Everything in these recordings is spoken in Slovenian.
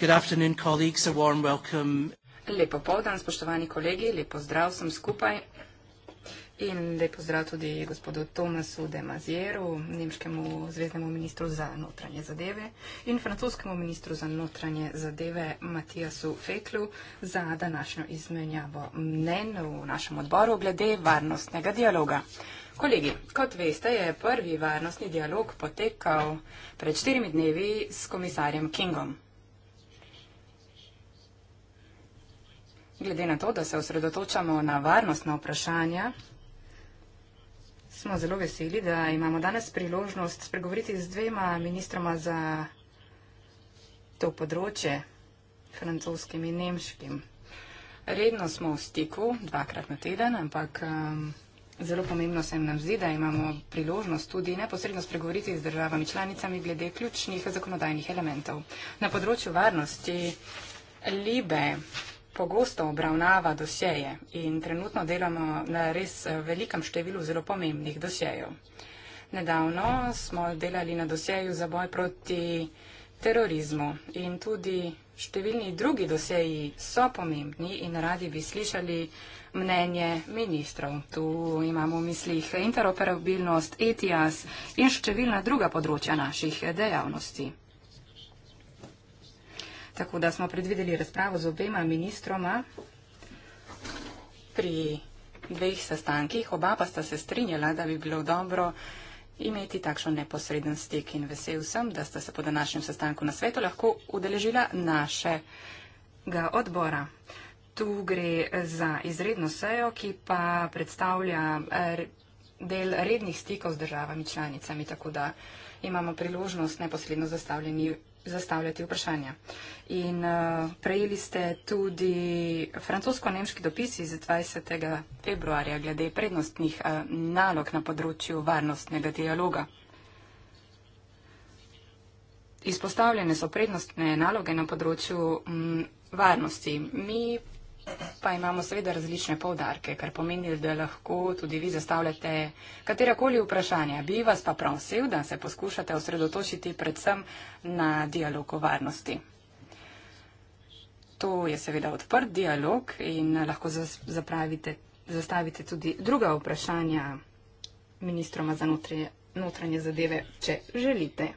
Good afternoon, colleagues. A warm welcome. Lep pozdrav, spoštovani kolegi, lep pozdrav vsem skupaj in lep pozdrav tudi gospodu Tomasu de Mazieru, nemškemu zveznemu ministru za notranje zadeve in francoskemu ministru za notranje zadeve Matijasu Feklu za današnjo izmenjavo mnen v našem odboru glede varnostnega dialoga. Kolegi, kot veste, je prvi varnostni dialog potekal pred štirimi dnevi s komisarjem Kingom. Glede na to, da se osredotočamo na varnostna vprašanja, smo zelo veseli, da imamo danes priložnost spregovoriti z dvema ministroma za to področje, francoskim in nemškim. Redno smo v stiku, dvakrat na teden, ampak um, zelo pomembno se nam zdi, da imamo priložnost tudi neposredno spregovoriti z državami članicami glede ključnih zakonodajnih elementov. Na področju varnosti Libe pogosto obravnava dosjeje in trenutno delamo na res eh, velikem številu zelo pomembnih dosjejev. Nedavno smo delali na dosjeju za boj proti terorizmu in tudi številni drugi dosjeji so pomembni in radi bi slišali mnenje ministrov. Tu imamo v mislih interoperabilnost, ETIAS in številna druga področja naših dejavnosti. Tako da smo predvideli razpravo z obema ministroma pri dveh sestankih. Oba pa sta se strinjala, da bi bilo dobro imeti takšen neposreden stik in vesel sem, da sta se po današnjem sestanku na svetu lahko udeležila našega odbora. Tu gre za izredno sejo, ki pa predstavlja del rednih stikov z državami članicami, tako da imamo priložnost neposredno zastavljeni zastavljati vprašanja. In uh, prejeli ste tudi francosko-nemški dopis iz 20. februarja glede prednostnih uh, nalog na področju varnostnega dialoga. Izpostavljene so prednostne naloge na področju m, mm, varnosti. Mi Pa imamo seveda različne povdarke, kar pomeni, da lahko tudi vi zastavljate katerakoli vprašanja. Bi vas pa prosil, da se poskušate osredotočiti predvsem na dialog o varnosti. To je seveda odprt dialog in lahko zastavite tudi druga vprašanja ministroma za notranje, notranje zadeve, če želite.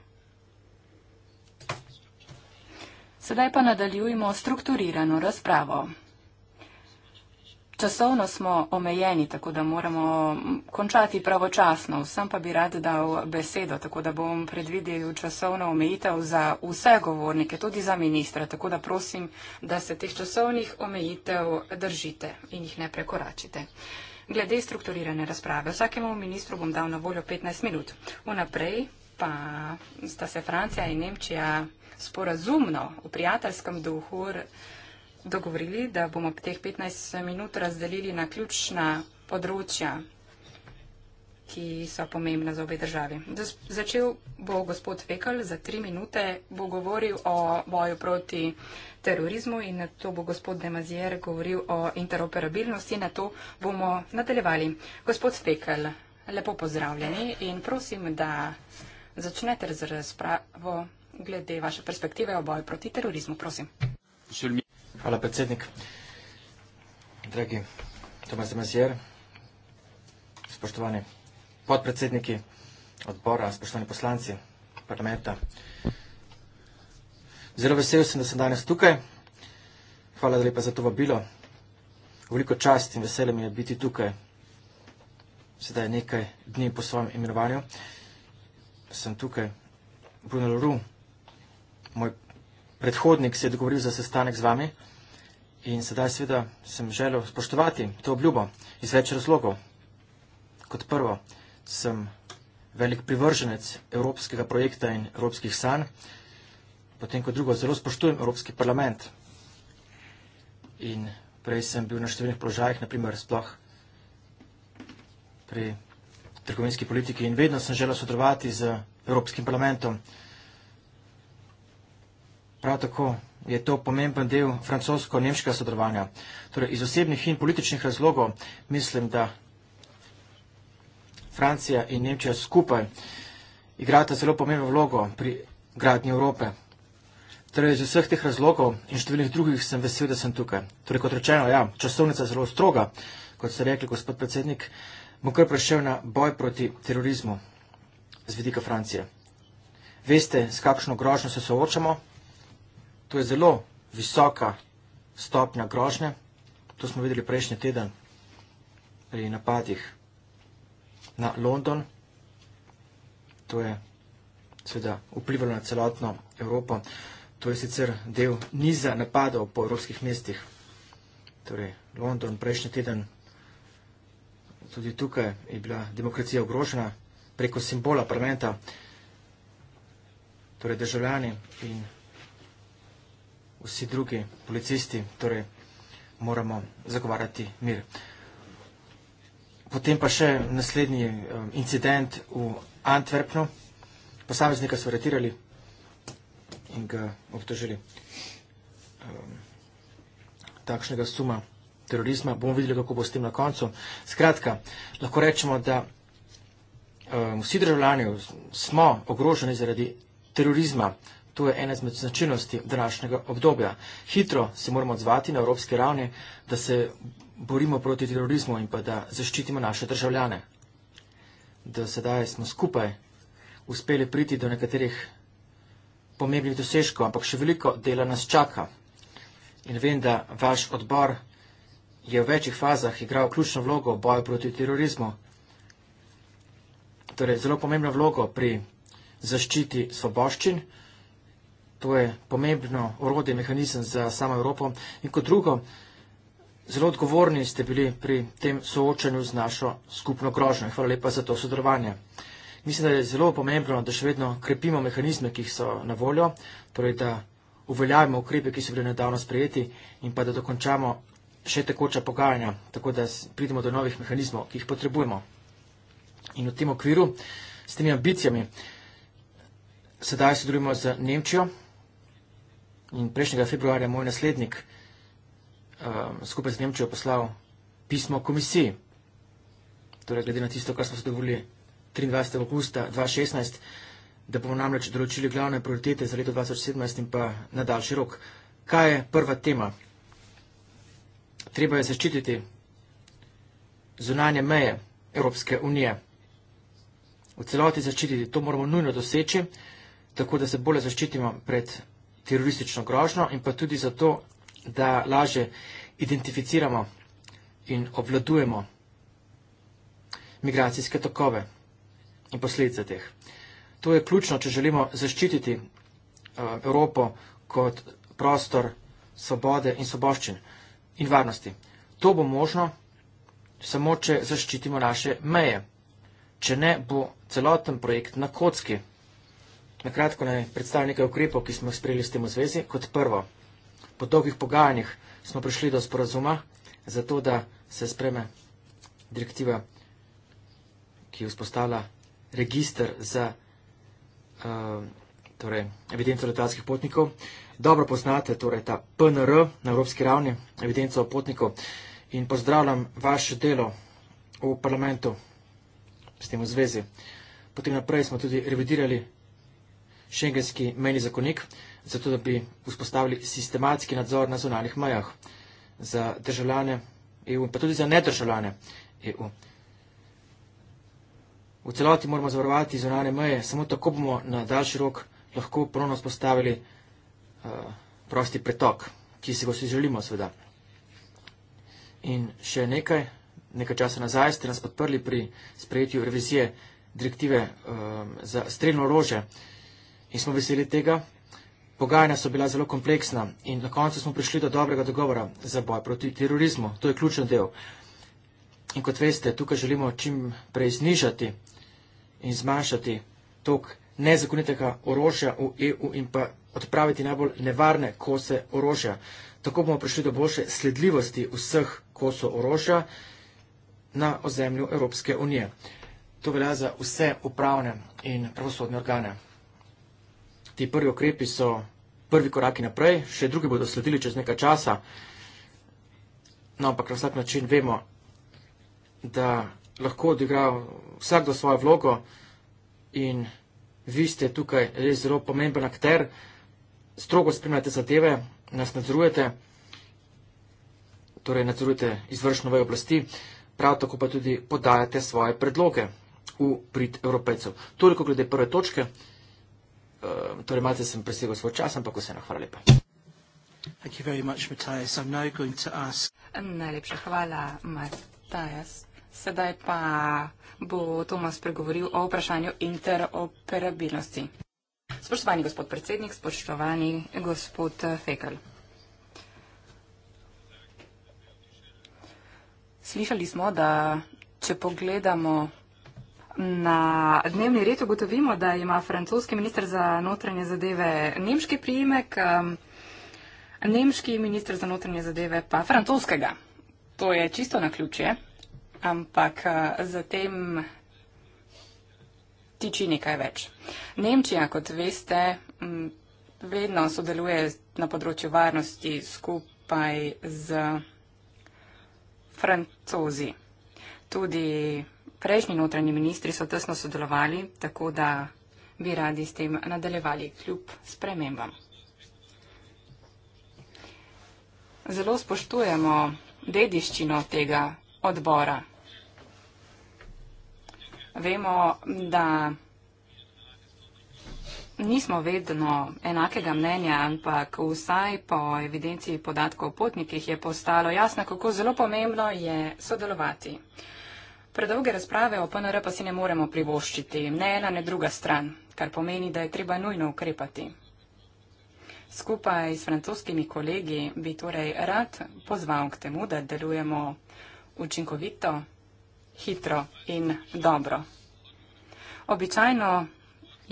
Sedaj pa nadaljujemo strukturirano razpravo. Časovno smo omejeni, tako da moramo končati pravočasno. Vsem pa bi rad dal besedo, tako da bom predvidel časovno omejitev za vse govornike, tudi za ministra. Tako da prosim, da se teh časovnih omejitev držite in jih ne prekoračite. Glede strukturirane razprave, vsakemu ministru bom dal na voljo 15 minut. Vnaprej pa sta se Francija in Nemčija sporazumno v prijateljskem duhu dogovorili, da bomo teh 15 minut razdelili na ključna področja, ki so pomembna za obe državi. Začel bo gospod Fekal za tri minute, bo govoril o boju proti terorizmu in na to bo gospod Demazier govoril o interoperabilnosti, na to bomo nadaljevali. Gospod Fekal, lepo pozdravljeni in prosim, da začnete z razpravo glede vaše perspektive o boju proti terorizmu. Prosim. Hvala, predsednik. Dragi Tomas Demazier, spoštovani podpredsedniki odbora, spoštovani poslanci parlamenta. Zelo vesel sem, da sem danes tukaj. Hvala lepa za to vabilo. Veliko čast in vesele mi je biti tukaj. Sedaj nekaj dni po svojem imenovanju. Sem tukaj. Bruno Leroux, moj predhodnik, se je dogovoril za sestanek z vami. In sedaj seveda sem želel spoštovati to obljubo iz več razlogov. Kot prvo, sem velik privrženec evropskega projekta in evropskih sanj, potem kot drugo, zelo spoštujem Evropski parlament. In prej sem bil na številnih položajih, naprimer sploh pri trgovinski politiki in vedno sem želel sodelovati z Evropskim parlamentom. Prav tako je to pomemben del francosko-nemškega sodelovanja. Torej, iz osebnih in političnih razlogov mislim, da Francija in Nemčija skupaj igrata zelo pomembno vlogo pri gradnji Evrope. Torej, iz vseh teh razlogov in številnih drugih sem vesel, da sem tukaj. Torej, kot rečeno, ja, časovnica je zelo stroga, kot ste rekli, gospod predsednik, bom kar prešel na boj proti terorizmu z vidika Francije. Veste, s kakšno grožnjo se soočamo, To je zelo visoka stopnja grožnje. To smo videli prejšnji teden pri napadih na London. To je seveda vplivalo na celotno Evropo. To je sicer del niza napadov po evropskih mestih. Torej, London prejšnji teden, tudi tukaj je bila demokracija ogrožena preko simbola parlamenta. Torej, državljani in vsi drugi policisti, torej moramo zagovarjati mir. Potem pa še naslednji eh, incident v Antwerpnu. Posameznika so retirali in ga obtožili eh, takšnega suma terorizma. Bomo videli, kako bo s tem na koncu. Skratka, lahko rečemo, da eh, vsi državljani smo ogroženi zaradi terorizma, to je ena izmed značilnosti današnjega obdobja. Hitro se moramo odzvati na evropske ravni, da se borimo proti terorizmu in pa da zaščitimo naše državljane. Da sedaj smo skupaj uspeli priti do nekaterih pomembnih dosežkov, ampak še veliko dela nas čaka. In vem, da vaš odbor je v večjih fazah igral ključno vlogo v boju proti terorizmu. Torej, zelo pomembno vlogo pri zaščiti svoboščin, to je pomembno orodje, mehanizem za samo Evropo. In kot drugo, zelo odgovorni ste bili pri tem soočanju z našo skupno grožnjo. Hvala lepa za to sodelovanje. Mislim, da je zelo pomembno, da še vedno krepimo mehanizme, ki so na voljo, torej da uveljavimo ukrepe, ki so bili nedavno sprejeti in pa da dokončamo še tekoča pogajanja, tako da pridemo do novih mehanizmov, ki jih potrebujemo. In v tem okviru, s temi ambicijami, sedaj sodelujemo z Nemčijo. In prejšnjega februarja moj naslednik um, skupaj z Nemčijo poslal pismo komisiji. Torej, glede na tisto, kar smo se dovolili 23. augusta 2016, da bomo namreč določili glavne prioritete za leto 2017 in pa na daljši rok. Kaj je prva tema? Treba je zaščititi zunanje meje Evropske unije. V celoti zaščititi. To moramo nujno doseči, tako da se bolje zaščitimo pred teroristično grožnjo in pa tudi zato, da lažje identificiramo in obvladujemo migracijske tokove in posledice teh. To je ključno, če želimo zaščititi eh, Evropo kot prostor svobode in soboščin in varnosti. To bo možno samo, če zaščitimo naše meje. Če ne, bo celoten projekt na kocki. Na kratko naj predstavim nekaj ukrepov, ki smo sprejeli s tem v zvezi. Kot prvo, po dolgih pogajanjih smo prišli do sporazuma za to, da se spreme direktiva, ki je vzpostavila registr za uh, torej, evidenco letalskih potnikov. Dobro poznate torej, ta PNR na evropski ravni, evidenco potnikov. In pozdravljam vaše delo v parlamentu s tem v zvezi. Potem naprej smo tudi revidirali šengenski meni zakonik, zato da bi vzpostavili sistematski nadzor na zonalnih majah za državljane EU in pa tudi za nedržavljane EU. V celoti moramo zavarovati zonalne meje, samo tako bomo na daljši rok lahko ponovno vzpostavili uh, prosti pretok, ki si ga vsi želimo, seveda. In še nekaj, nekaj časa nazaj ste nas podprli pri sprejetju revizije direktive um, za streljno orože, uh, in smo veseli tega. Pogajanja so bila zelo kompleksna in na koncu smo prišli do dobrega dogovora za boj proti terorizmu. To je ključen del. In kot veste, tukaj želimo čim prej znižati in zmanjšati tok nezakonitega orožja v EU in pa odpraviti najbolj nevarne kose orožja. Tako bomo prišli do boljše sledljivosti vseh kosov orožja na ozemlju Evropske unije. To velja za vse upravne in pravosodne organe ti prvi ukrepi so prvi koraki naprej, še drugi bodo sledili čez nekaj časa. No, ampak na vsak način vemo, da lahko odigra vsakdo svojo vlogo in vi ste tukaj res zelo pomemben akter, strogo spremljate zadeve, nas nadzorujete, torej nadzorujete izvršno vejo oblasti, prav tako pa tudi podajate svoje predloge v prid evropejcev. Toliko glede prve točke. Eh, torej malce sem presegel svoj čas, ampak vse na hvala lepa. Najlepša hvala, Matajas. Sedaj pa bo Tomas pregovoril o vprašanju interoperabilnosti. Spoštovani gospod predsednik, spoštovani gospod Fekal. Slišali smo, da če pogledamo na dnevni red ugotovimo, da ima francoski ministr za notranje zadeve nemški prijimek, nemški ministr za notranje zadeve pa francoskega. To je čisto na ključje, ampak eh, zatem tiči nekaj več. Nemčija, kot veste, vedno sodeluje na področju varnosti skupaj z francozi. Tudi prejšnji notranji ministri so tesno sodelovali, tako da bi radi s tem nadaljevali kljub spremembam. Zelo spoštujemo dediščino tega odbora. Vemo, da nismo vedno enakega mnenja, ampak vsaj po evidenciji podatkov o potnikih je postalo jasno, kako zelo pomembno je sodelovati. Predolge razprave o PNR pa si ne moremo privoščiti, ne ena, ne druga stran, kar pomeni, da je treba nujno ukrepati. Skupaj s francoskimi kolegi bi torej rad pozval k temu, da delujemo učinkovito, hitro in dobro. Običajno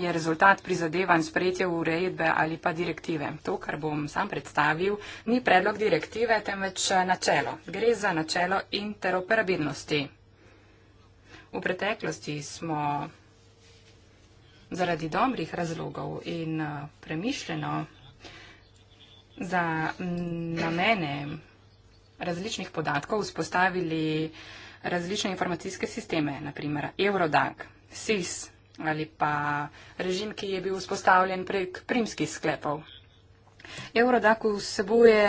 je rezultat prizadevanj sprejetje uredbe ali pa direktive. To, kar bom sam predstavil, ni predlog direktive, temveč načelo. Gre za načelo interoperabilnosti. V preteklosti smo zaradi dobrih razlogov in eh, premišljeno za namene različnih podatkov vzpostavili različne informacijske sisteme, naprimer Eurodag, SIS ali pa režim, ki je bil vzpostavljen prek primskih sklepov. Eurodag vsebuje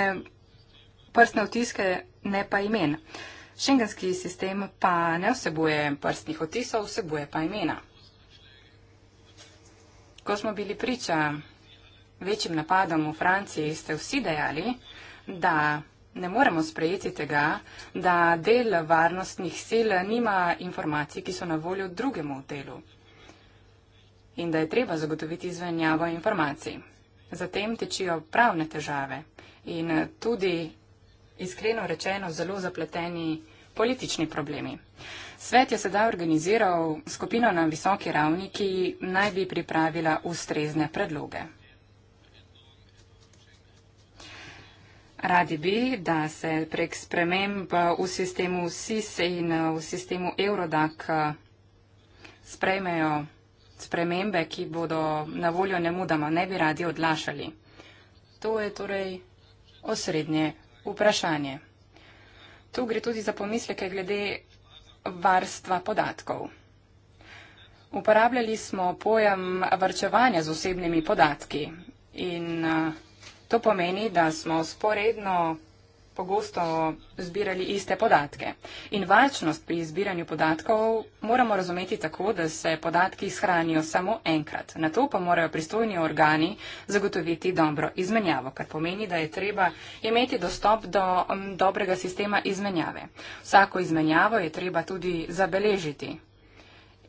prstne otiske, ne pa imen. Šengenski sistem pa ne vsebuje prstnih otisov, vsebuje pa imena. Ko smo bili priča večjim napadom v Franciji, ste vsi dejali, da ne moremo sprejeti tega, da del varnostnih sil nima informacij, ki so na voljo drugemu delu in da je treba zagotoviti izvenjavo informacij. Zatem tečijo pravne težave in tudi iskreno rečeno zelo zapleteni politični problemi. Svet je sedaj organiziral skupino na visoki ravni, ki naj bi pripravila ustrezne predloge. Radi bi, da se prek sprememb v sistemu SIS in v sistemu Eurodak sprejmejo spremembe, ki bodo na voljo nemudama, ne bi radi odlašali. To je torej osrednje vprašanje. Tu gre tudi za pomisleke glede varstva podatkov. Uporabljali smo pojem varčevanja z osebnimi podatki in eh, to pomeni, da smo sporedno pogosto zbirali iste podatke. In važnost pri zbiranju podatkov moramo razumeti tako, da se podatki shranijo samo enkrat. Na to pa morajo pristojni organi zagotoviti dobro izmenjavo, kar pomeni, da je treba imeti dostop do um, dobrega sistema izmenjave. Vsako izmenjavo je treba tudi zabeležiti.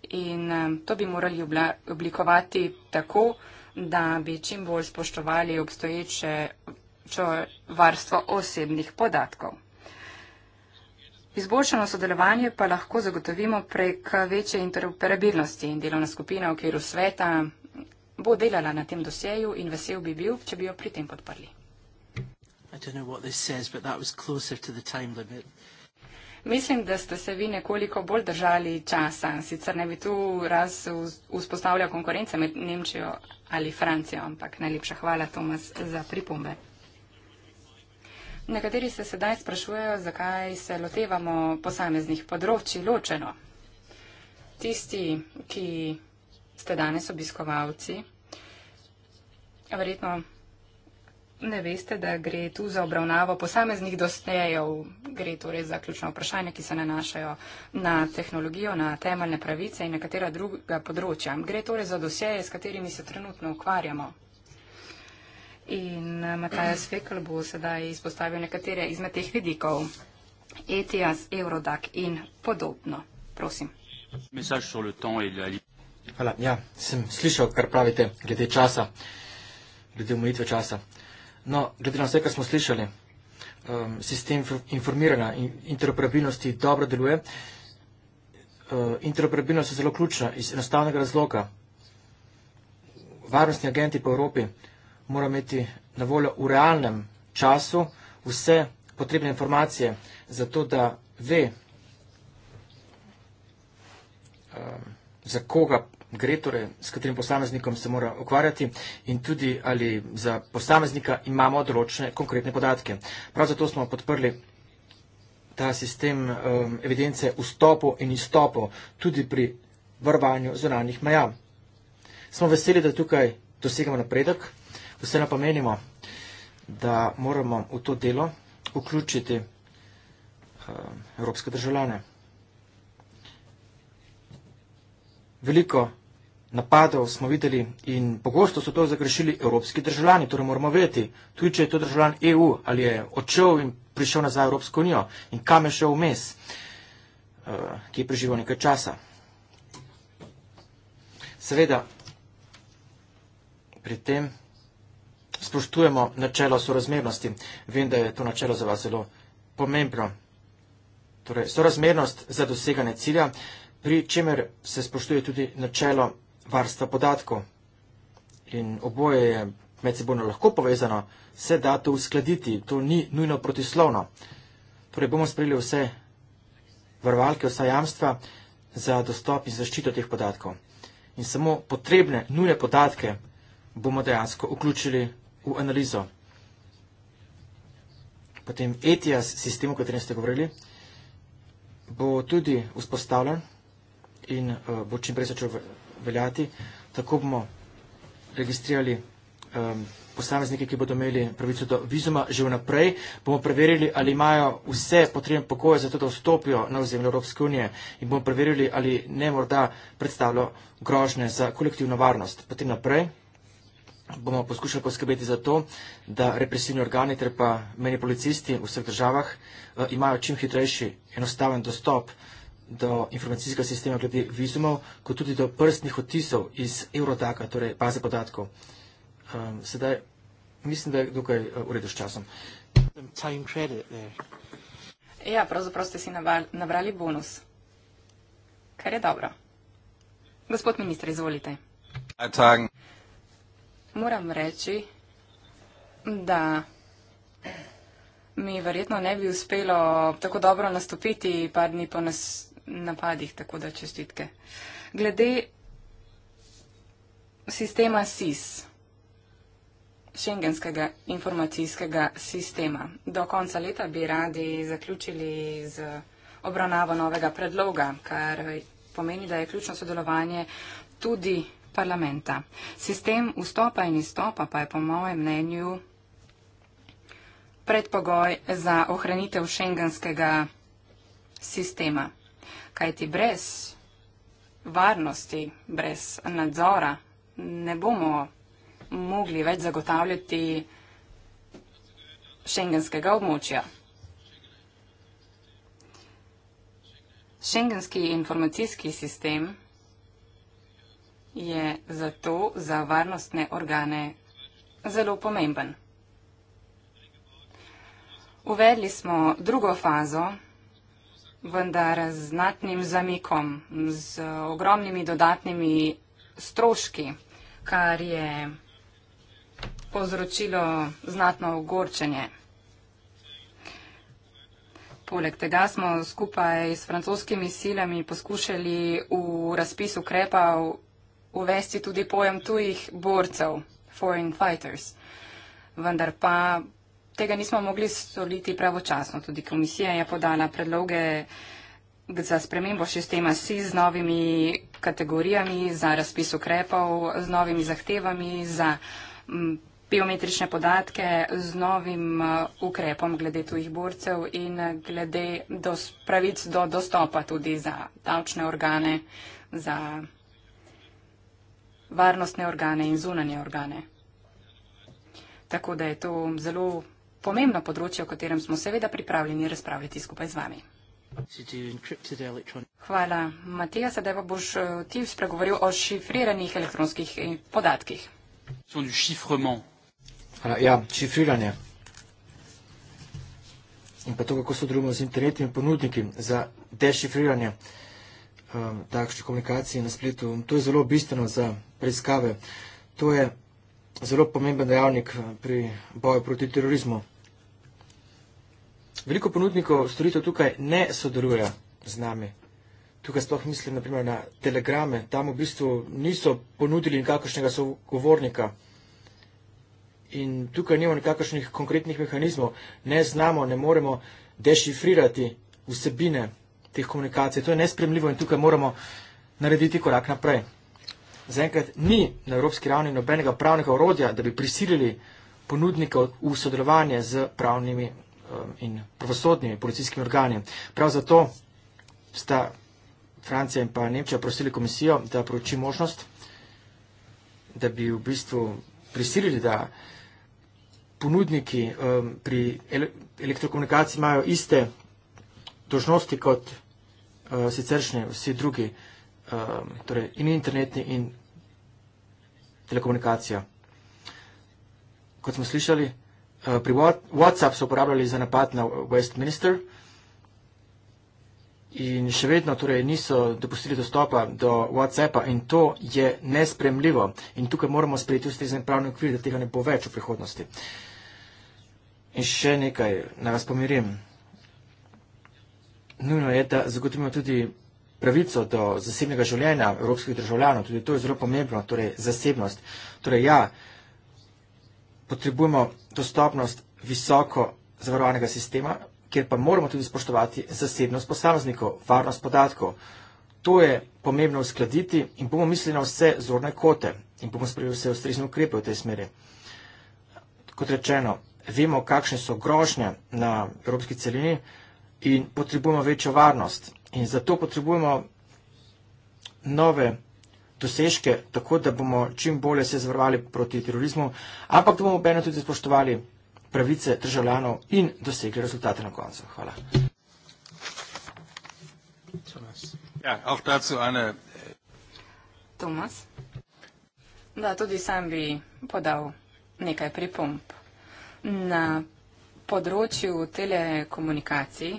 In um, to bi morali oblikovati tako, da bi čim bolj spoštovali obstoječe varstvo osebnih podatkov. Izboljšano sodelovanje pa lahko zagotovimo prek večje interoperabilnosti in delovna skupina v okviru sveta bo delala na tem dosjeju in vesel bi bil, če bi jo pri tem podprli. Says, Mislim, da ste se vi nekoliko bolj držali časa, sicer ne bi tu raz vzpostavljal konkurence med Nemčijo ali Francijo, ampak najlepša hvala, Tomas, za pripombe. Nekateri se sedaj sprašujejo, zakaj se lotevamo posameznih področji ločeno. Tisti, ki ste danes obiskovalci, verjetno ne veste, da gre tu za obravnavo posameznih dostejev, gre torej za ključno vprašanje, ki se nanašajo na tehnologijo, na temeljne pravice in nekatera druga področja. Gre torej za dosjeje, s katerimi se trenutno ukvarjamo in eh, Mataja Svekl bo sedaj izpostavil nekatere izmed teh vidikov. ETS, Eurodac in podobno. Prosim. Hvala. Ja, sem slišal, kar pravite glede časa, glede omejitve časa. No, glede na vse, kar smo slišali, um, sistem informiranja in interoperabilnosti dobro deluje. Uh, interoperabilnost je zelo ključna iz enostavnega razloga. Varnostni agenti po Evropi mora imeti na voljo v realnem času vse potrebne informacije, zato da ve, um, za koga gre, torej s katerim posameznikom se mora ukvarjati in tudi ali za posameznika imamo določene konkretne podatke. Prav zato smo podprli ta sistem um, evidence vstopu in izstopu tudi pri varovanju zonalnih meja. Smo veseli, da tukaj dosegamo napredek. Vseeno pa menimo, da moramo v to delo vključiti eh, evropske državljane. Veliko napadov smo videli in pogosto so to zagrešili evropski državljani, torej moramo vedeti, tudi če je to državljan EU ali je odšel in prišel nazaj Evropsko unijo in kam je šel vmes, eh, ki je preživel nekaj časa. Seveda, pri tem spoštujemo načelo sorazmernosti. Vem, da je to načelo za vas zelo pomembno. Torej, sorazmernost za doseganje cilja, pri čemer se spoštuje tudi načelo varstva podatkov. In oboje je med sebojno lahko povezano, se da to uskladiti, to ni nujno protislovno. Torej, bomo sprejeli vse varovalke, vsa jamstva za dostop in zaščito teh podatkov. In samo potrebne, nujne podatke bomo dejansko vključili v analizo. Potem ETIAS sistem, o katerem ste govorili, bo tudi vzpostavljen in eh, bo čim prej začel veljati. Tako bomo registrirali ehm, posameznike, ki bodo imeli pravico do vizuma že vnaprej. Bomo preverili, ali imajo vse potrebne pokoje za to, da vstopijo na ozemlje Evropske unije in bomo preverili, ali ne morda predstavljajo grožne za kolektivno varnost. Potem naprej bomo poskušali poskrbeti za to, da represivni organi ter pa meni policisti v vseh državah eh, imajo čim hitrejši enostaven dostop do informacijskega sistema glede vizumov, kot tudi do prstnih otisov iz Eurodaka, torej baze podatkov. Um, sedaj mislim, da je tukaj eh, v redu s časom. Ja, pravzaprav ste si nabrali bonus. Kar je dobro. Gospod ministr, izvolite. Tagen. Moram reči, da mi verjetno ne bi uspelo tako dobro nastopiti par dni po nas napadih, tako da čestitke. Glede sistema SIS, šengenskega informacijskega sistema, do konca leta bi radi zaključili z obravnavo novega predloga, kar pomeni, da je ključno sodelovanje tudi parlamenta. Sistem vstopa in izstopa pa je po mojem mnenju predpogoj za ohranitev šengenskega sistema. Kajti brez varnosti, brez nadzora ne bomo mogli več zagotavljati šengenskega območja. Šengenski informacijski sistem je zato za varnostne organe zelo pomemben. Uvedli smo drugo fazo, vendar z znatnim zamikom, z ogromnimi dodatnimi stroški, kar je povzročilo znatno ogorčenje. Poleg tega smo skupaj s francoskimi silami poskušali v razpis ukrepov uvesti tudi pojem tujih borcev, foreign fighters. Vendar pa tega nismo mogli soliti pravočasno. Tudi komisija je podala predloge za spremembo sistema SI z novimi kategorijami za razpis ukrepov, z novimi zahtevami za biometrične podatke, z novim ukrepom glede tujih borcev in glede dos, pravic do dostopa tudi za davčne organe, za varnostne organe in zunanje organe. Tako da je to zelo pomembno področje, o katerem smo seveda pripravljeni razpravljati skupaj z vami. Hvala. Matija, sedaj pa boš eh, ti spregovoril o šifriranih elektronskih eh, podatkih. Ja, šifriranje. In pa to, kako sodelujemo z internetnimi ponudniki za dešifriranje um, takšne komunikacije na spletu, to je zelo bistveno za preiskave. To je zelo pomemben dejavnik eh, pri boju proti terorizmu. Veliko ponudnikov storitev tukaj ne sodeluje z nami. Tukaj sploh mislim naprimer na telegrame. Tam v bistvu niso ponudili nikakršnega sogovornika. In tukaj nima nikakršnih konkretnih mehanizmov. Ne znamo, ne moremo dešifrirati vsebine teh komunikacij. To je nespremljivo in tukaj moramo narediti korak naprej zaenkrat ni na evropski ravni nobenega pravnega orodja, da bi prisilili ponudnikov v sodelovanje z pravnimi eh, in pravosodnimi policijskimi organi. Prav zato sta Francija in pa Nemčija prosili komisijo, da proči možnost, da bi v bistvu prisilili, da ponudniki um, pri elektrokomunikaciji imajo iste dožnosti kot uh, eh, siceršnje vsi drugi uh, um, torej in internetni in telekomunikacija. Kot smo slišali, uh, pri WhatsApp so uporabljali za napad na Westminster in še vedno torej, niso dopustili dostopa do WhatsAppa in to je nespremljivo in tukaj moramo sprejeti ustrezen pravni okvir, da tega ne bo več v prihodnosti. In še nekaj, naj vas pomirim. Nujno je, da zagotovimo tudi pravico do zasebnega življenja evropskih državljanov, tudi to je zelo pomembno, torej zasebnost. Torej ja, potrebujemo dostopnost visoko zavarovanega sistema, kjer pa moramo tudi spoštovati zasebnost posameznikov, varnost podatkov. To je pomembno uskladiti in bomo mislili na vse zorne kote in bomo sprejeli vse ustrezne ukrepe v tej smeri. Kot rečeno, vemo, kakšne so grožnje na evropski celini in potrebujemo večjo varnost. In zato potrebujemo nove dosežke, tako da bomo čim bolje se zavrvali proti terorizmu, ampak da bomo obene tudi spoštovali pravice državljanov in dosegli rezultate na koncu. Hvala. Tomas. Ja, äh, da, tudi sam bi podal nekaj pripomp. Na področju telekomunikacij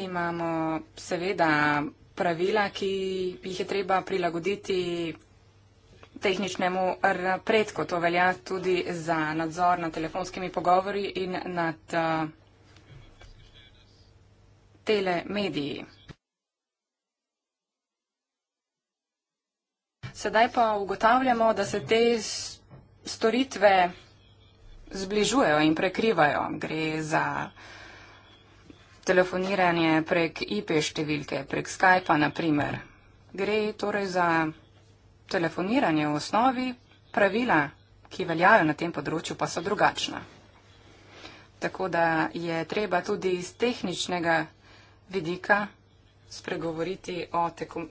imamo seveda pravila, ki jih je treba prilagoditi tehničnemu predku. To velja tudi za nadzor nad telefonskimi pogovori in nad uh, telemediji. Sedaj pa ugotavljamo, da se te storitve zbližujejo in prekrivajo. Gre za uh, telefoniranje prek IP številke, prek Skypa naprimer. Gre torej za telefoniranje v osnovi, pravila, ki veljajo na tem področju, pa so drugačna. Tako da je treba tudi iz tehničnega vidika spregovoriti o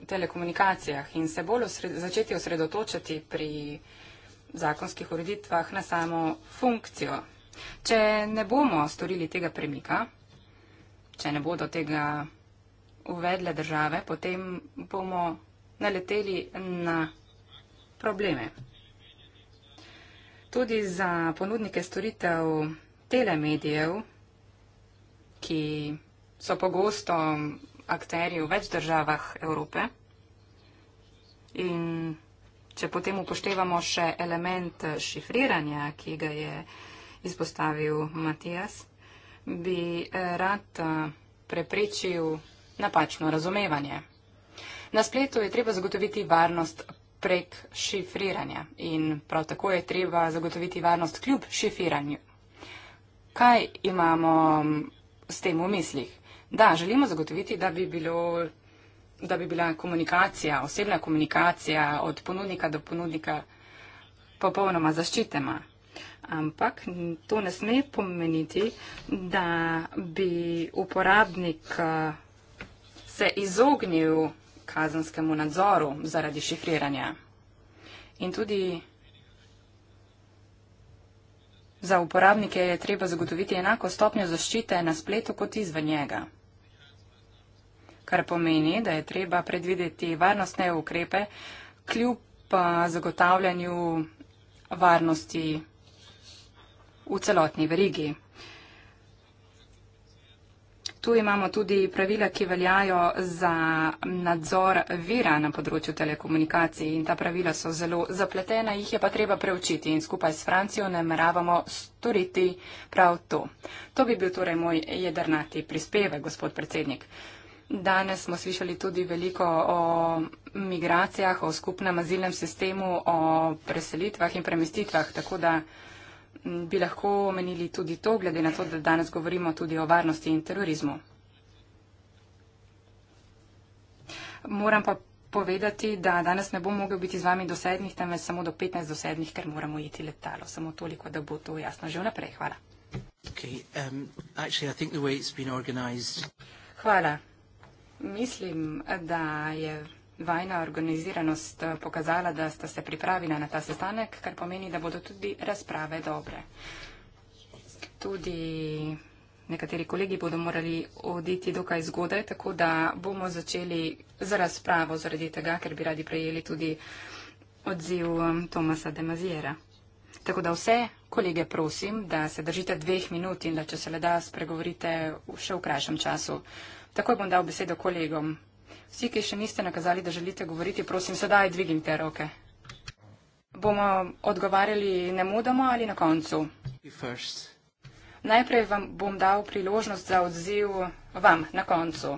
telekomunikacijah in se bolj osred, začeti osredotočati pri zakonskih ureditvah na samo funkcijo. Če ne bomo storili tega premika, če ne bodo tega uvedle države, potem bomo naleteli na probleme. Tudi za ponudnike storitev telemedijev, ki so pogosto akteri v več državah Evrope in če potem upoštevamo še element šifriranja, ki ga je izpostavil Matijas bi eh, rad eh, preprečil napačno razumevanje. Na spletu je treba zagotoviti varnost prek šifriranja in prav tako je treba zagotoviti varnost kljub šifriranju. Kaj imamo mm, s tem v mislih? Da, želimo zagotoviti, da bi, bilo, da bi bila komunikacija, osebna komunikacija od ponudnika do ponudnika popolnoma zaščitena ampak to ne sme pomeniti, da bi uporabnik eh, se izognil kazenskemu nadzoru zaradi šifriranja. In tudi za uporabnike je treba zagotoviti enako stopnjo zaščite na spletu kot izven njega. Kar pomeni, da je treba predvideti varnostne ukrepe kljub eh, zagotavljanju varnosti v celotni verigi. Tu imamo tudi pravila, ki veljajo za nadzor vira na področju telekomunikacij in ta pravila so zelo zapletena, jih je pa treba preučiti in skupaj s Francijo nameravamo storiti prav to. To bi bil torej moj jedrnati prispevek, gospod predsednik. Danes smo slišali tudi veliko o migracijah, o skupnem azilnem sistemu, o preselitvah in premestitvah, tako da bi lahko omenili tudi to, glede na to, da danes govorimo tudi o varnosti in terorizmu. Moram pa povedati, da danes ne bom mogel biti z vami do sedmih, temveč samo do 15 do sedmih, ker moramo jeti letalo. Samo toliko, da bo to jasno že vnaprej. Hvala. Okay, um, actually, Hvala. Mislim, da je vajna organiziranost eh, pokazala, da sta se pripravila na ta sestanek, kar pomeni, da bodo tudi razprave dobre. Tudi nekateri kolegi bodo morali oditi dokaj zgodaj, tako da bomo začeli z razpravo zaradi tega, ker bi radi prejeli tudi odziv eh, Tomasa de Maziera. Tako da vse kolege prosim, da se držite dveh minut in da če se le da spregovorite še v krajšem času. Takoj bom dal besedo kolegom. Vsi, ki še niste nakazali, da želite govoriti, prosim, sedaj dvignite roke. Bomo odgovarjali nemudoma ali na koncu? Najprej vam bom dal priložnost za odziv vam na koncu.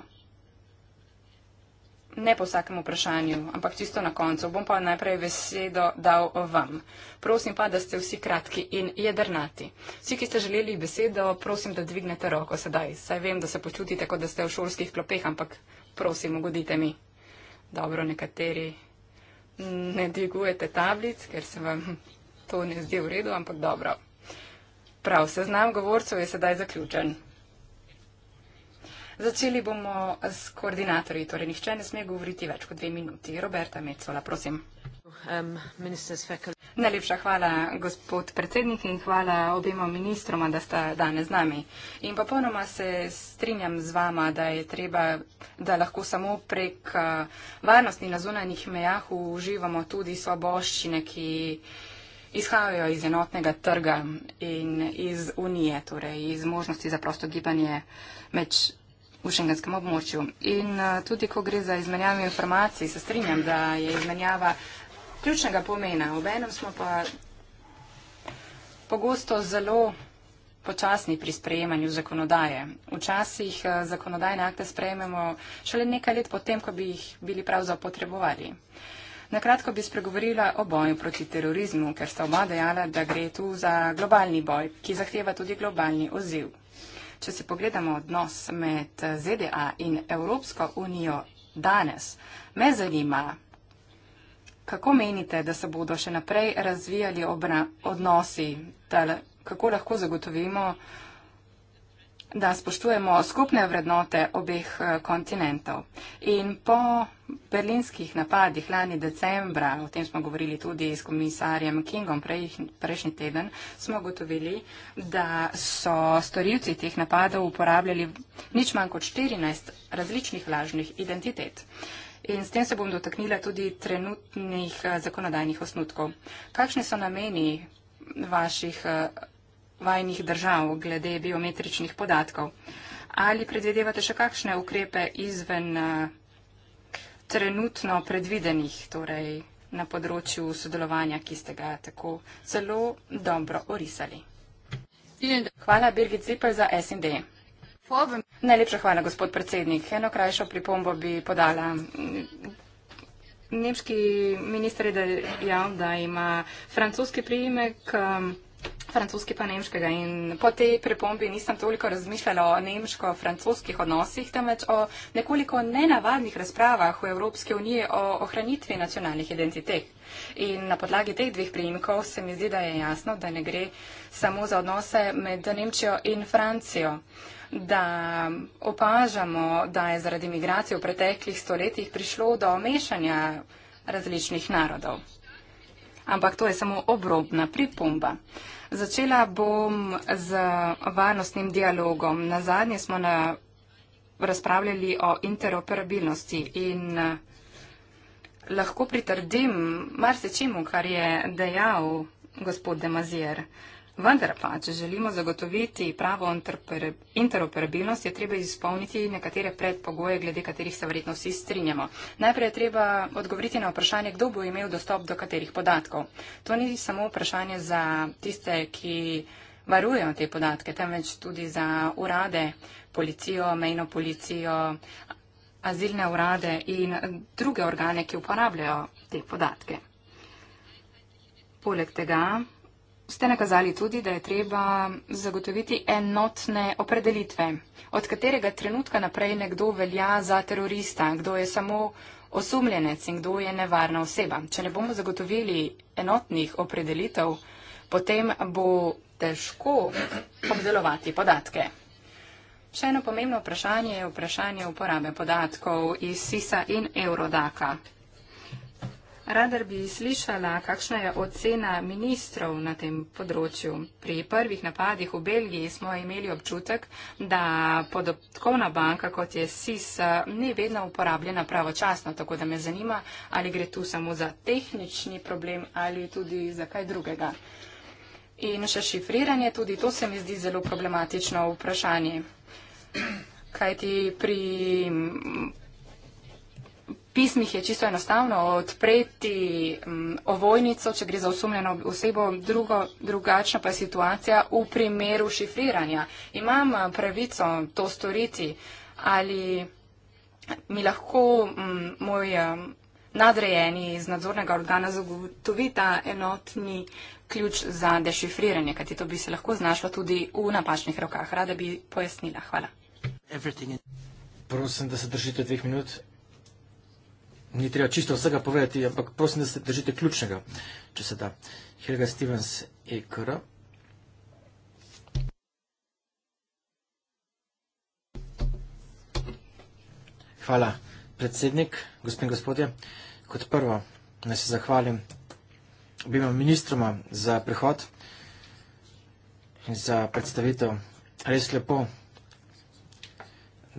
Ne po vsakem vprašanju, ampak čisto na koncu. Bom pa najprej besedo dal vam. Prosim pa, da ste vsi kratki in jedrnati. Vsi, ki ste želeli besedo, prosim, da dvignete roko sedaj. Saj vem, da se počutite, kot da ste v šolskih klopeh, ampak prosim, ugodite mi. Dobro, nekateri ne dvigujete tablic, ker se vam to ne zdi v redu, ampak dobro. Prav, seznam govorcev je sedaj zaključen. Začeli bomo s koordinatorji, torej nihče ne sme govoriti več kot dve minuti. Roberta Mecola, prosim. Um, Najlepša hvala, gospod predsednik, in hvala obema ministroma, da sta danes z nami. In popolnoma se strinjam z vama, da je treba, da lahko samo prek uh, varnosti na zunanjih mejah uživamo tudi svoboščine, ki izhajajo iz enotnega trga in iz unije, torej iz možnosti za prosto gibanje med v šengenskem območju. In eh, tudi, ko gre za izmenjavo informacij, se strinjam, da je izmenjava ključnega pomena. Obenem smo pa pogosto zelo počasni pri sprejemanju zakonodaje. Včasih eh, zakonodajne akte sprejmemo šele nekaj let potem, ko bi jih bili pravzaprav potrebovali. Nakratko bi spregovorila o boju proti terorizmu, ker sta oba dejala, da gre tu za globalni boj, ki zahteva tudi globalni oziv če si pogledamo odnos med eh, ZDA in Evropsko unijo danes, me zanima, kako menite, da se bodo še naprej razvijali odnosi, kako lahko zagotovimo da spoštujemo skupne vrednote obeh eh, kontinentov. In po berlinskih napadih lani decembra, o tem smo govorili tudi s komisarjem Kingom prej, prejšnji teden, smo gotovili, da so storilci teh napadov uporabljali nič manj kot 14 različnih lažnih identitet. In s tem se bom dotaknila tudi trenutnih eh, zakonodajnih osnutkov. Kakšni so nameni vaših eh, vajnih držav glede biometričnih podatkov. Ali predvidevate še kakšne ukrepe izven eh, trenutno predvidenih, torej na področju sodelovanja, ki ste ga tako zelo dobro orisali? Hvala, Birgit Zipel, za SND. Najlepša hvala, gospod predsednik. Eno krajšo pripombo bi podala. Nemški minister je dejal, da ima francoski prijimek. Um, francoski pa nemškega. In po tej prepombi nisem toliko razmišljala o nemško-francoskih odnosih, temveč o nekoliko nenavadnih razpravah v Evropske unije o ohranitvi nacionalnih identitet. In na podlagi teh dveh prijimkov se mi zdi, da je jasno, da ne gre samo za odnose med Nemčijo in Francijo da opažamo, da je zaradi migracije v preteklih stoletjih prišlo do mešanja različnih narodov ampak to je samo obrobna pripomba. Začela bom z varnostnim dialogom. Na zadnje smo na razpravljali o interoperabilnosti in lahko pritrdim marsičemu, kar je dejal gospod Demazier. Uh, Vendar pa, če želimo zagotoviti pravo interoperabilnost, je treba izpolniti nekatere predpogoje, glede katerih se verjetno vsi strinjamo. Najprej je treba odgovoriti na vprašanje, kdo bo imel dostop do katerih podatkov. To ni samo vprašanje za tiste, ki varujejo te podatke, temveč tudi za urade, policijo, mejno policijo, azilne urade in druge organe, ki uporabljajo te podatke. Poleg tega ste nakazali tudi, da je treba zagotoviti enotne opredelitve, od katerega trenutka naprej nekdo velja za terorista, kdo je samo osumljenec in kdo je nevarna oseba. Če ne bomo zagotovili enotnih opredelitev, potem bo težko obdelovati podatke. Še eno pomembno vprašanje je vprašanje uporabe podatkov iz SISA in Eurodaka. Radar bi slišala, kakšna je ocena ministrov na tem področju. Pri prvih napadih v Belgiji smo imeli občutek, da podatkovna banka, kot je SIS, ni vedno uporabljena pravočasno, tako da me zanima, ali gre tu samo za tehnični problem ali tudi za kaj drugega. In še šifriranje, tudi to se mi zdi zelo problematično vprašanje. Kaj ti pri pismih je čisto enostavno odpreti um, ovojnico, če gre za osumljeno osebo, drugo, drugačna pa je situacija v primeru šifriranja. Imam eh, pravico to storiti ali mi lahko um, moj um, nadrejeni iz nadzornega organa zagotovi ta enotni ključ za dešifriranje, kajti to bi se lahko znašlo tudi v napačnih rokah. Rada bi pojasnila. Hvala. Prosim, da se držite dveh minut ni treba čisto vsega povedati, ampak prosim, da se držite ključnega, če se da. Helga Stevens, EKR. Hvala, predsednik, gospod in gospodje. Kot prvo, naj se zahvalim obima ministroma za prihod in za predstavitev. Res lepo,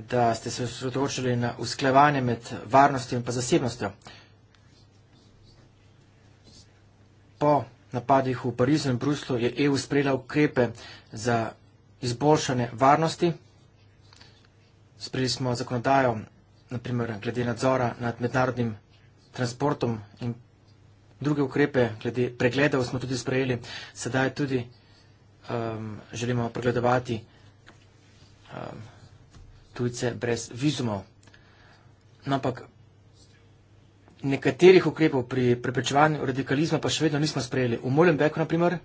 da ste se osredotočili na usklevanje med varnostjo in pa zasebnostjo. Po napadih v Parizu in Bruslu je EU sprejela ukrepe za izboljšanje varnosti. Sprejeli smo zakonodajo, naprimer, glede nadzora nad mednarodnim transportom in druge ukrepe, glede pregledov smo tudi sprejeli. Sedaj tudi um, želimo pregledovati um, tujce brez vizumov. No, ampak nekaterih ukrepov pri preprečevanju radikalizma pa še vedno nismo sprejeli. V Molenbeku, naprimer,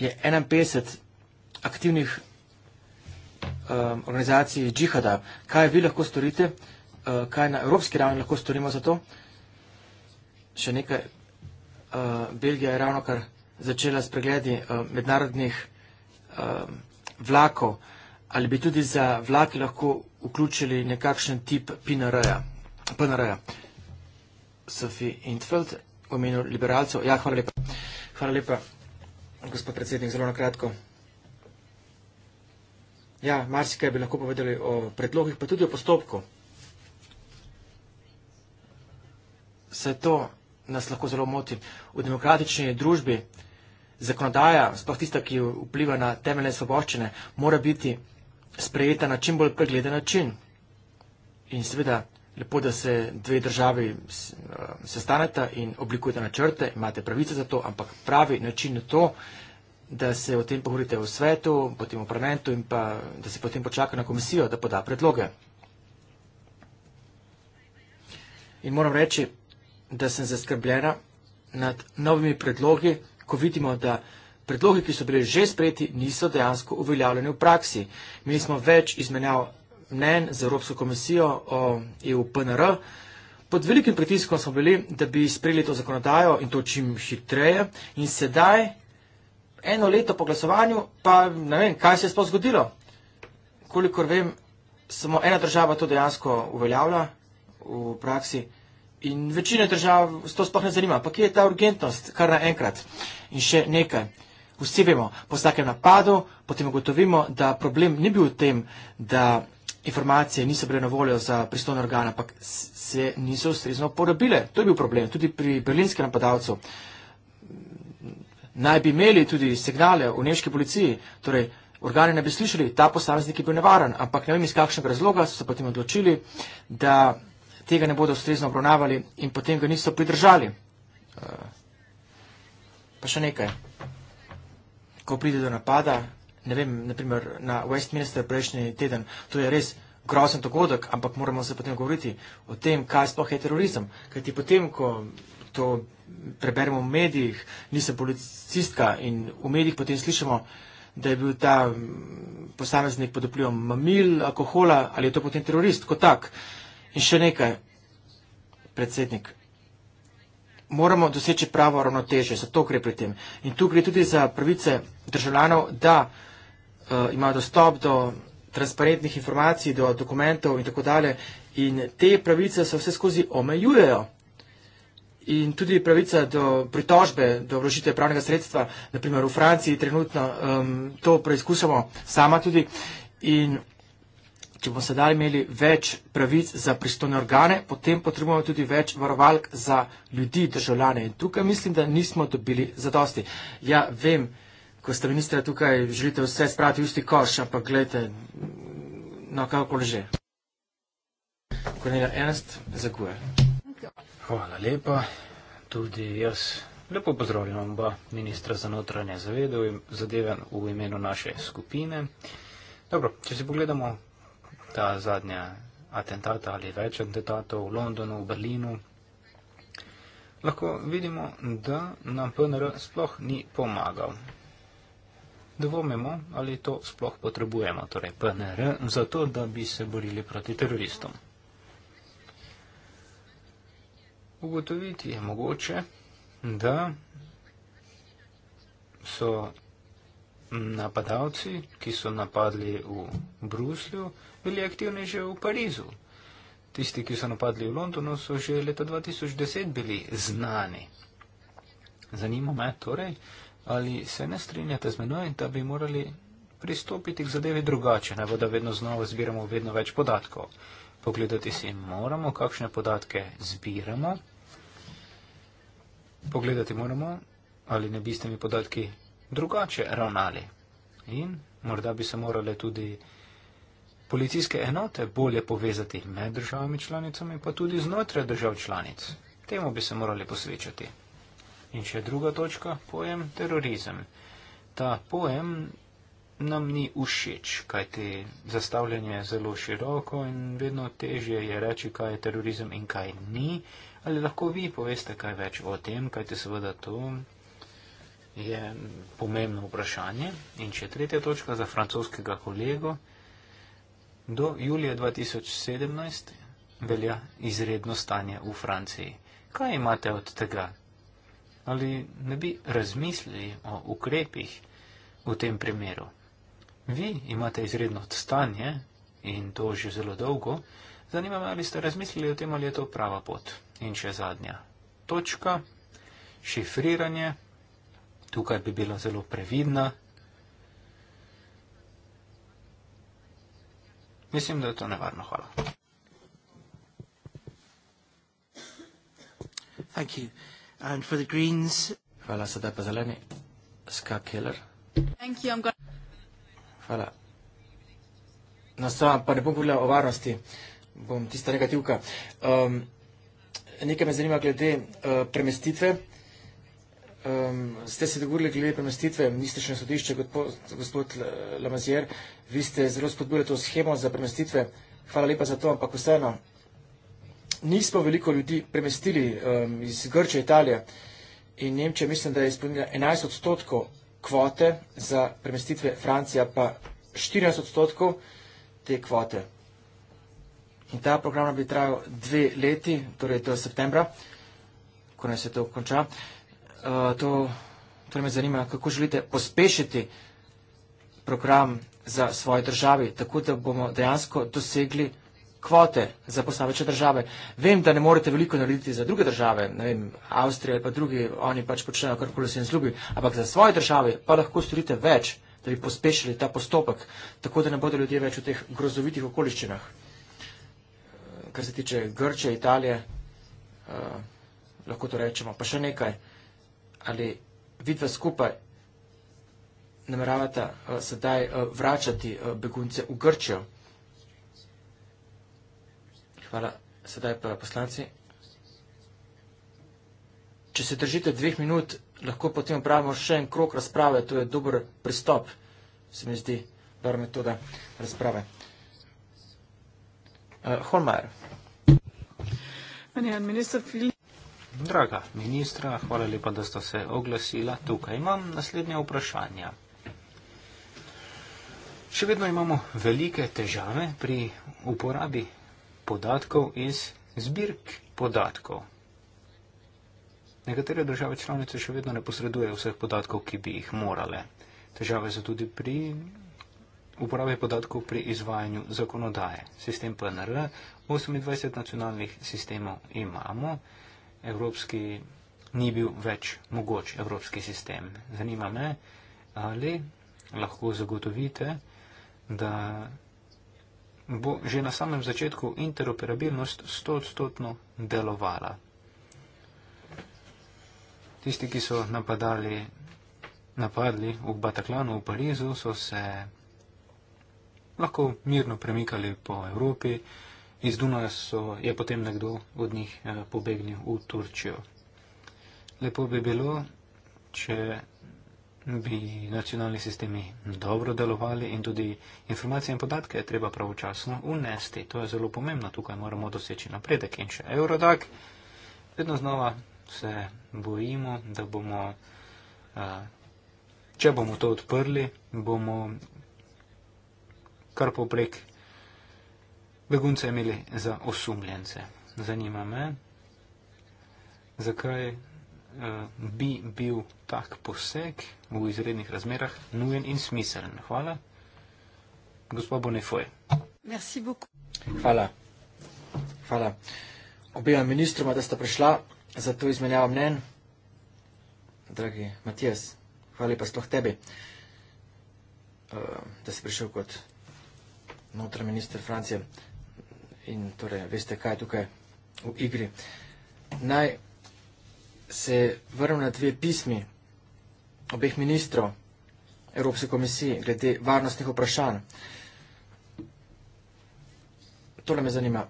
je 51 aktivnih um, organizacij džihada. Kaj vi lahko storite, uh, kaj na evropski ravni lahko storimo za to? Še nekaj. Uh, Belgija je ravno kar začela s pregledi uh, mednarodnih uh, vlakov ali bi tudi za vlaki lahko vključili nekakšen tip PNR-ja? Sofi Intfeld, v imenu liberalcev. Ja, hvala lepa. Hvala lepa, gospod predsednik, zelo nakratko. Ja, marsikaj bi lahko povedali o predlogih, pa tudi o postopku. Vse to nas lahko zelo moti. V demokratični družbi zakonodaja, sploh tista, ki vpliva na temeljne svoboščine, mora biti sprejeta na čim bolj pregleden način. In seveda, lepo, da se dve državi eh, sestaneta in oblikujete načrte, imate pravice za to, ampak pravi način je to, da se o tem pogovorite v svetu, potem v parlamentu in pa, da se potem počaka na komisijo, da poda predloge. In moram reči, da sem zaskrbljena nad novimi predlogi, ko vidimo, da predlogi, ki so bili že sprejeti, niso dejansko uveljavljeni v praksi. Mi smo več izmenjav mnen z Evropsko komisijo o EU-PNR. Pod velikim pritiskom smo bili, da bi sprejeli to zakonodajo in to čim hitreje. In sedaj, eno leto po glasovanju, pa ne vem, kaj se je sploh zgodilo. Kolikor vem, samo ena država to dejansko uveljavlja v praksi. In večina držav to sploh ne zanima. Pa kje je ta urgentnost, kar naenkrat? In še nekaj vsi vemo, po vsakem napadu potem ugotovimo, da problem ni bil v tem, da informacije niso bile na voljo za pristojne organe, ampak se niso ustrezno uporabile. To je bil problem. Tudi pri berlinskem napadalcu naj bi imeli tudi signale v neški policiji. Torej, organe ne bi slišali, ta posameznik je bil nevaren, ampak ne vem iz kakšnega razloga so se potem odločili, da tega ne bodo ustrezno obravnavali in potem ga niso pridržali. Eh, pa še nekaj ko pride do napada, ne vem, naprimer na Westminster prejšnji teden, to je res grozen dogodek, ampak moramo se potem govoriti o tem, kaj sploh je terorizem. Kajti potem, ko to preberemo v medijih, nisem policistka in v medijih potem slišimo, da je bil ta posameznik pod vplivom mamil, alkohola, ali je to potem terorist, kot tak. In še nekaj, predsednik. Moramo doseči pravo ravnoteže, za to gre pri tem. In tu gre tudi za pravice državljanov, da uh, eh, imajo dostop do transparentnih informacij, do dokumentov in tako dalje. In te pravice se vse skozi omejujejo. In tudi pravica do pritožbe, do vložitve pravnega sredstva, naprimer v Franciji trenutno um, to preizkušamo sama tudi. In če bomo sedaj imeli več pravic za pristojne organe, potem potrebujemo tudi več varovalk za ljudi, državljane. In tukaj mislim, da nismo dobili zadosti. Ja, vem, ko ste ministra tukaj, želite vse spraviti v isti koš, ampak gledajte, no kakorkoli že. Kolega Ernst, zaguje. Hvala lepa, tudi jaz. Lepo pozdravljam oba ministra za notranje zavede zadeve v imenu naše skupine. Dobro, če si pogledamo ta zadnja atentata ali več atentatov v Londonu, v Berlinu, lahko vidimo, da nam PNR sploh ni pomagal dvomimo, ali to sploh potrebujemo, torej PNR, zato, da bi se borili proti teroristom. Ugotoviti je mogoče, da so napadalci, ki so napadli v Bruslju, bili aktivni že v Parizu. Tisti, ki so napadli v Londonu, so že leta 2010 bili znani. Zanima me torej, ali se ne strinjate z menoj in da bi morali pristopiti k zadevi drugače, ne bo da vedno znova zbiramo vedno več podatkov. Pogledati si moramo, kakšne podatke zbiramo. Pogledati moramo, ali ne bi s temi podatki drugače ravnali. In morda bi se morale tudi policijske enote bolje povezati med državami članicami, pa tudi znotraj držav članic. Temu bi se morali posvečati. In še druga točka, pojem terorizem. Ta pojem nam ni všeč, kajti zastavljanje je zelo široko in vedno težje je reči, kaj je terorizem in kaj ni. Ali lahko vi poveste kaj več o tem, kajti seveda to je pomembno vprašanje. In še tretja točka za francoskega kolego. Do julija 2017 velja izredno stanje v Franciji. Kaj imate od tega, ali ne bi razmislili o ukrepih v tem primeru. Vi imate izredno stanje in to že zelo dolgo. Zanima me, ali ste razmislili o tem, ali je to prava pot. In še zadnja točka, šifriranje. Tukaj bi bila zelo previdna. Mislim, da je to nevarno. Hvala. Thank you. And for the Greens. Hvala, sedaj pa zeleni. Ska Keller. Hvala. Nastavam, pa ne bom govorila o varnosti, bom tista negativka. Um, nekaj me zanima glede uh, premestitve. Um, ste se dogovorili glede premestitve ministrične sodišče, gospod Lamazier. Vi ste zelo spodbujali to schemo za premestitve. Hvala lepa za to, ampak vseeno nismo veliko ljudi premestili um, iz Grče, Italije in Nemčije, mislim, da je izpolnila 11 odstotkov kvote za premestitve Francija, pa 14 odstotkov te kvote. In ta program bi trajal dve leti, torej do septembra, ko naj se to konča. Uh, to, torej me zanima, kako želite pospešiti program za svoje državi, tako da bomo dejansko dosegli kvote za posamečne države. Vem, da ne morete veliko narediti za druge države, ne vem, Avstrija ali pa drugi, oni pač počnejo karkoli se jim zlubi, ampak za svoje države pa lahko storite več, da bi pospešili ta postopek, tako da ne bodo ljudje več v teh grozovitih okoliščinah. Eh, kar se tiče Grče, Italije, uh, lahko to rečemo. Pa še nekaj, ali vidva skupaj nameravata uh, sedaj uh, vračati uh, begunce v Grčijo. Hvala. Sedaj pa poslanci. Če se držite dveh minut, lahko potem upravimo še en krok razprave. To je dober pristop, se mi zdi, dobra metoda razprave. Uh, Holmajer. Ja, minister Filip. Draga ministra, hvala lepa, da ste se oglasila. Tukaj imam naslednje vprašanje. Še vedno imamo velike težave pri uporabi podatkov iz zbirk podatkov. Nekatere države članice še vedno ne posredujejo vseh podatkov, ki bi jih morale. Težave so tudi pri uporabi podatkov pri izvajanju zakonodaje. Sistem PNR, 28 nacionalnih sistemov imamo, evropski ni bil več mogoč evropski sistem. Zanima me, ali lahko zagotovite, da bo že na samem začetku interoperabilnost 100 odstotno delovala. Tisti, ki so napadali, napadli v Bataklanu v Parizu, so se lahko mirno premikali po Evropi, iz Dunaja so, je potem nekdo od njih eh, pobegnil v Turčijo. Lepo bi bilo, če bi nacionalni sistemi dobro delovali in tudi informacije in podatke je treba pravočasno unesti. To je zelo pomembno, tukaj moramo doseči napredek in še Eurodak. Vedno znova se bojimo, da bomo, eh, če bomo to odprli, bomo kar poprek begunce imeli za osumljence. Zanima me, zakaj Eh, bi bil tak poseg v izrednih razmerah nujen in smiseln. Hvala. Gospod Bonifoj. Hvala. Hvala. Obema ministroma, da sta prišla za to izmenjavo mnen. Dragi Matijas, hvala pa sploh tebi, eh, da si prišel kot notranji minister Francije. In torej, veste, kaj je tukaj v igri. Naj se vrnem na dve pismi obeh ministrov Evropske komisije glede varnostnih vprašanj. Tole me zanima.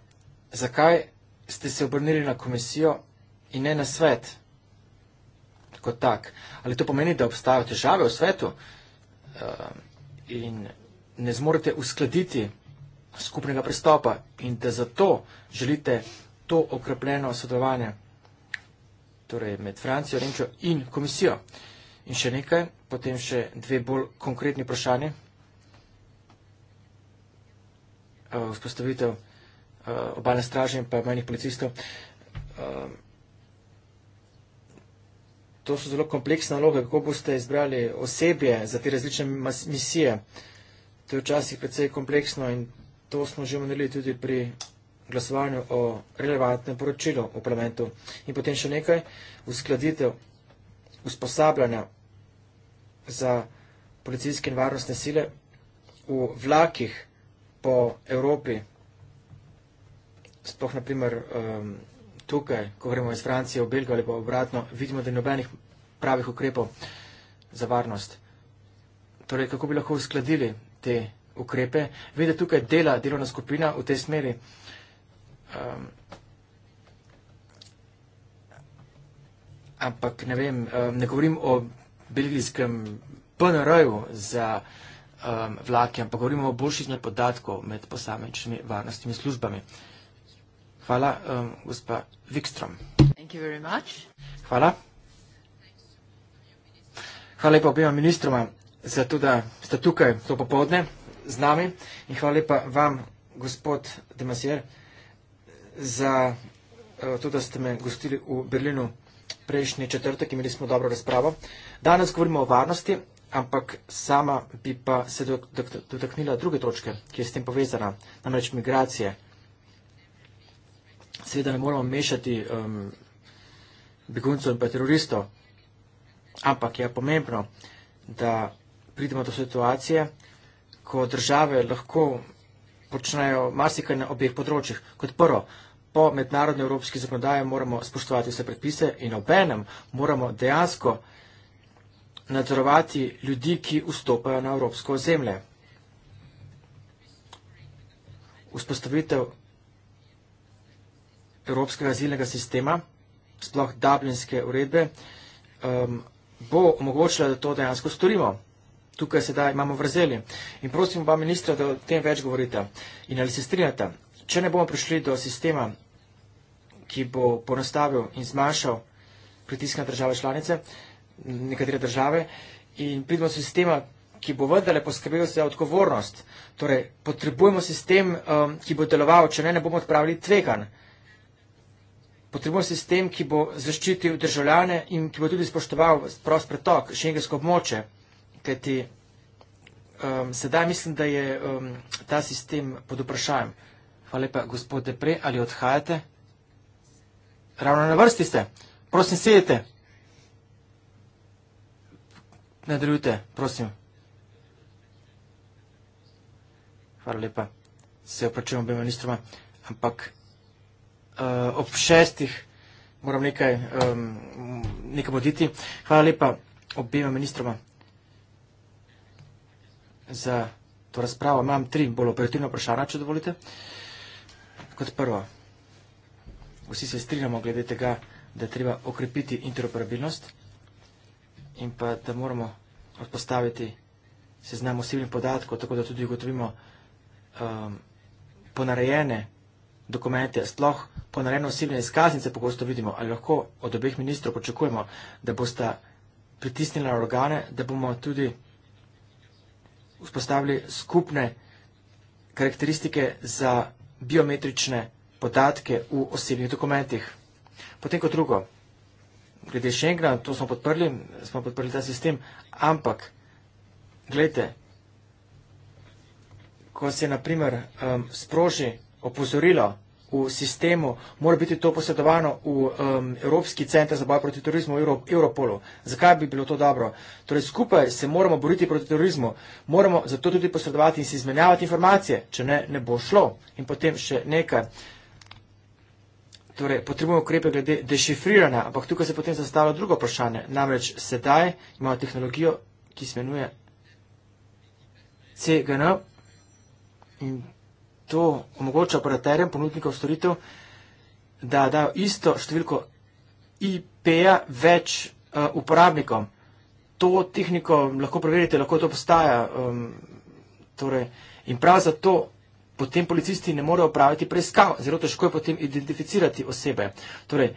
Zakaj ste se obrnili na komisijo in ne na svet kot tak? Ali to pomeni, da obstajajo težave v svetu ehm, in ne zmorete uskladiti skupnega pristopa in da zato želite to okrepljeno sodelovanje? torej med Francijo, Nemčijo in komisijo. In še nekaj, potem še dve bolj konkretni vprašanje. Eh, vzpostavitev eh, obalne straže in pa manjih policistov. Eh, to so zelo kompleksne naloge, kako boste izbrali osebje za te različne misije. To je včasih precej kompleksno in to smo že omenili tudi pri glasovanju o relevantnem poročilu v parlamentu in potem še nekaj uskladitev usposabljanja za policijske in varnostne sile v vlakih po Evropi, sploh naprimer um, tukaj, ko gremo iz Francije v Belgijo ali pa obratno, vidimo, da ni nobenih pravih ukrepov za varnost. Torej, kako bi lahko uskladili te ukrepe? Vede tukaj dela delovna skupina v tej smeri. Uh, Um, ampak ne vem, um, ne govorim o belgijskem PNR-ju za um, vlake, ampak govorimo o boljših podatkov med posamečnimi varnostnimi službami. Hvala, um, gospa Wikstrom. Thank you very much. Hvala. Hvala lepa obema ministroma za to, da ste tukaj to popovdne z nami in hvala lepa vam, gospod Demasier za eh, to, da ste me gostili v Berlinu prejšnji četrtek, imeli smo dobro razpravo. Danes govorimo o varnosti, ampak sama bi pa se dotaknila druge točke, ki je s tem povezana, namreč migracije. Seveda ne moramo mešati um, beguncev in pa teroristov, ampak je pomembno, da pridemo do situacije, ko države lahko počnejo marsikaj na obeh področjih. Kot prvo, po mednarodni evropski zakonodaji moramo spoštovati vse predpise in obenem moramo dejansko nadzorovati ljudi, ki vstopajo na evropsko zemlje. Vzpostavitev evropskega azilnega sistema, sploh dublinske uredbe, um, bo omogočila, da to dejansko storimo tukaj sedaj imamo vrzeli. In prosim vam, ministra, da o tem več govorite. In ali se strinjate, če ne bomo prišli do sistema, ki bo ponastavil in zmanjšal pritisk na države članice, nekatere države, in pridemo do sistema, ki bo vendarle poskrbel za odgovornost. Torej, potrebujemo sistem, um, ki bo deloval, če ne, ne bomo odpravili tvegan. Potrebujemo sistem, ki bo zaščitil državljane in ki bo tudi spoštoval prost pretok, šengensko območje kajti um, sedaj mislim, da je um, ta sistem pod vprašanjem. Hvala lepa, gospod Depre, ali odhajate? Ravno na vrsti ste. Prosim, sedite. Nadaljujte, prosim. Hvala lepa. Se opračujem obema ministroma, ampak uh, ob šestih moram nekaj, um, nekaj voditi. Hvala lepa obema ministroma za to razpravo. Imam tri bolj operativne vprašanja, če dovolite. Kot prvo, vsi se strinjamo glede tega, da treba okrepiti interoperabilnost in pa da moramo odpostaviti seznam osebnih podatkov, tako da tudi ugotovimo um, ponarejene dokumente, sploh ponarejene osebne izkaznice, pogosto vidimo, ali lahko od obeh ministrov počakujemo, da bosta pritisnila organe, da bomo tudi vzpostavili skupne karakteristike za biometrične podatke v osebnih dokumentih. Potem kot drugo, glede Schengena, to smo podprli, smo podprli ta sistem, ampak, gledajte, ko se naprimer um, sproži opozorilo, v sistemu, mora biti to posredovano v um, Evropski center za boj proti terorizmu v Euro, Europolu. Zakaj bi bilo to dobro? Torej, skupaj se moramo boriti proti terorizmu, moramo zato tudi posredovati in si izmenjavati informacije, če ne, ne bo šlo. In potem še nekaj. Torej, potrebujemo ukrepe glede dešifriranja, ampak tukaj se potem zastavlja drugo vprašanje. Namreč sedaj imamo tehnologijo, ki se imenuje CGN. In to omogoča operaterjem ponudnikov storitev, da dajo isto številko IP-ja več uh, uporabnikom. To tehniko lahko preverite, lahko to postaja. Um, torej, in prav zato potem policisti ne morejo praviti preiskav, zelo težko je potem identificirati osebe. Torej,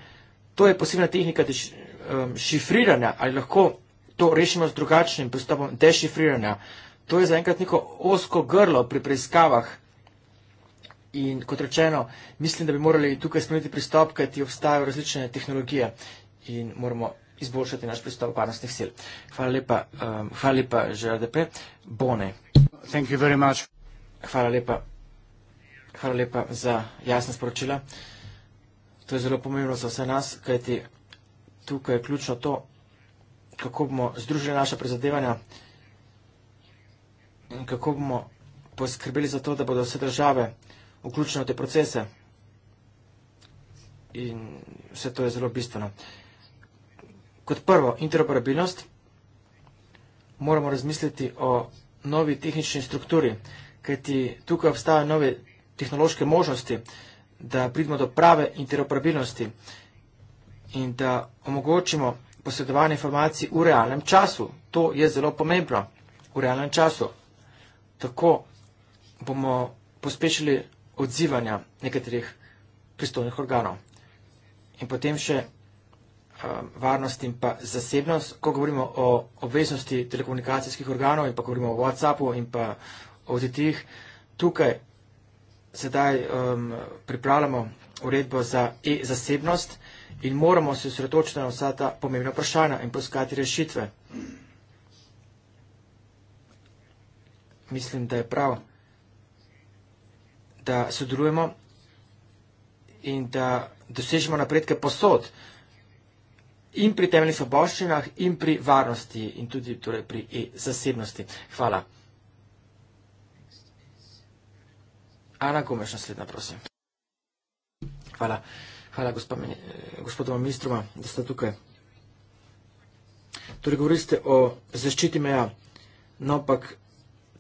to je posebna tehnika deš, um, šifriranja ali lahko to rešimo z drugačnim pristopom dešifriranja. To je zaenkrat neko osko grlo pri preiskavah. In kot rečeno, mislim, da bi morali tukaj spremeniti pristop, ker ti obstajajo različne tehnologije in moramo izboljšati naš pristop varnostnih sil. Hvala lepa, um, hvala lepa že RDP. Bone. Thank you very much. Hvala lepa. Hvala lepa za jasna sporočila. To je zelo pomembno za vse nas, kajti tukaj je ključno to, kako bomo združili naše prizadevanja in kako bomo poskrbeli za to, da bodo vse države vključena v te procese. In vse to je zelo bistveno. Kot prvo, interoperabilnost. Moramo razmisliti o novi tehnični strukturi, kajti tukaj obstajajo nove tehnološke možnosti, da pridemo do prave interoperabilnosti in da omogočimo posredovanje informacij v realnem času. To je zelo pomembno. V realnem času. Tako bomo pospešili odzivanja nekaterih pristojnih organov. In potem še um, varnost in pa zasebnost, ko govorimo o obveznosti telekomunikacijskih organov in pa govorimo o Whatsappu in pa o OTT-ih, tukaj sedaj um, pripravljamo uredbo za e-zasebnost in moramo se osredotočiti na vsa ta pomembna vprašanja in poskati rešitve. Mislim, da je prav da sodelujemo in da dosežemo napredke posod in pri temeljnih svoboščinah in pri varnosti in tudi torej, pri zasebnosti. Hvala. Ana Gomeš, naslednja, prosim. Hvala. Hvala gospodoma ministruma, da ste tukaj. Torej, govorili ste o zaščiti meja, no pak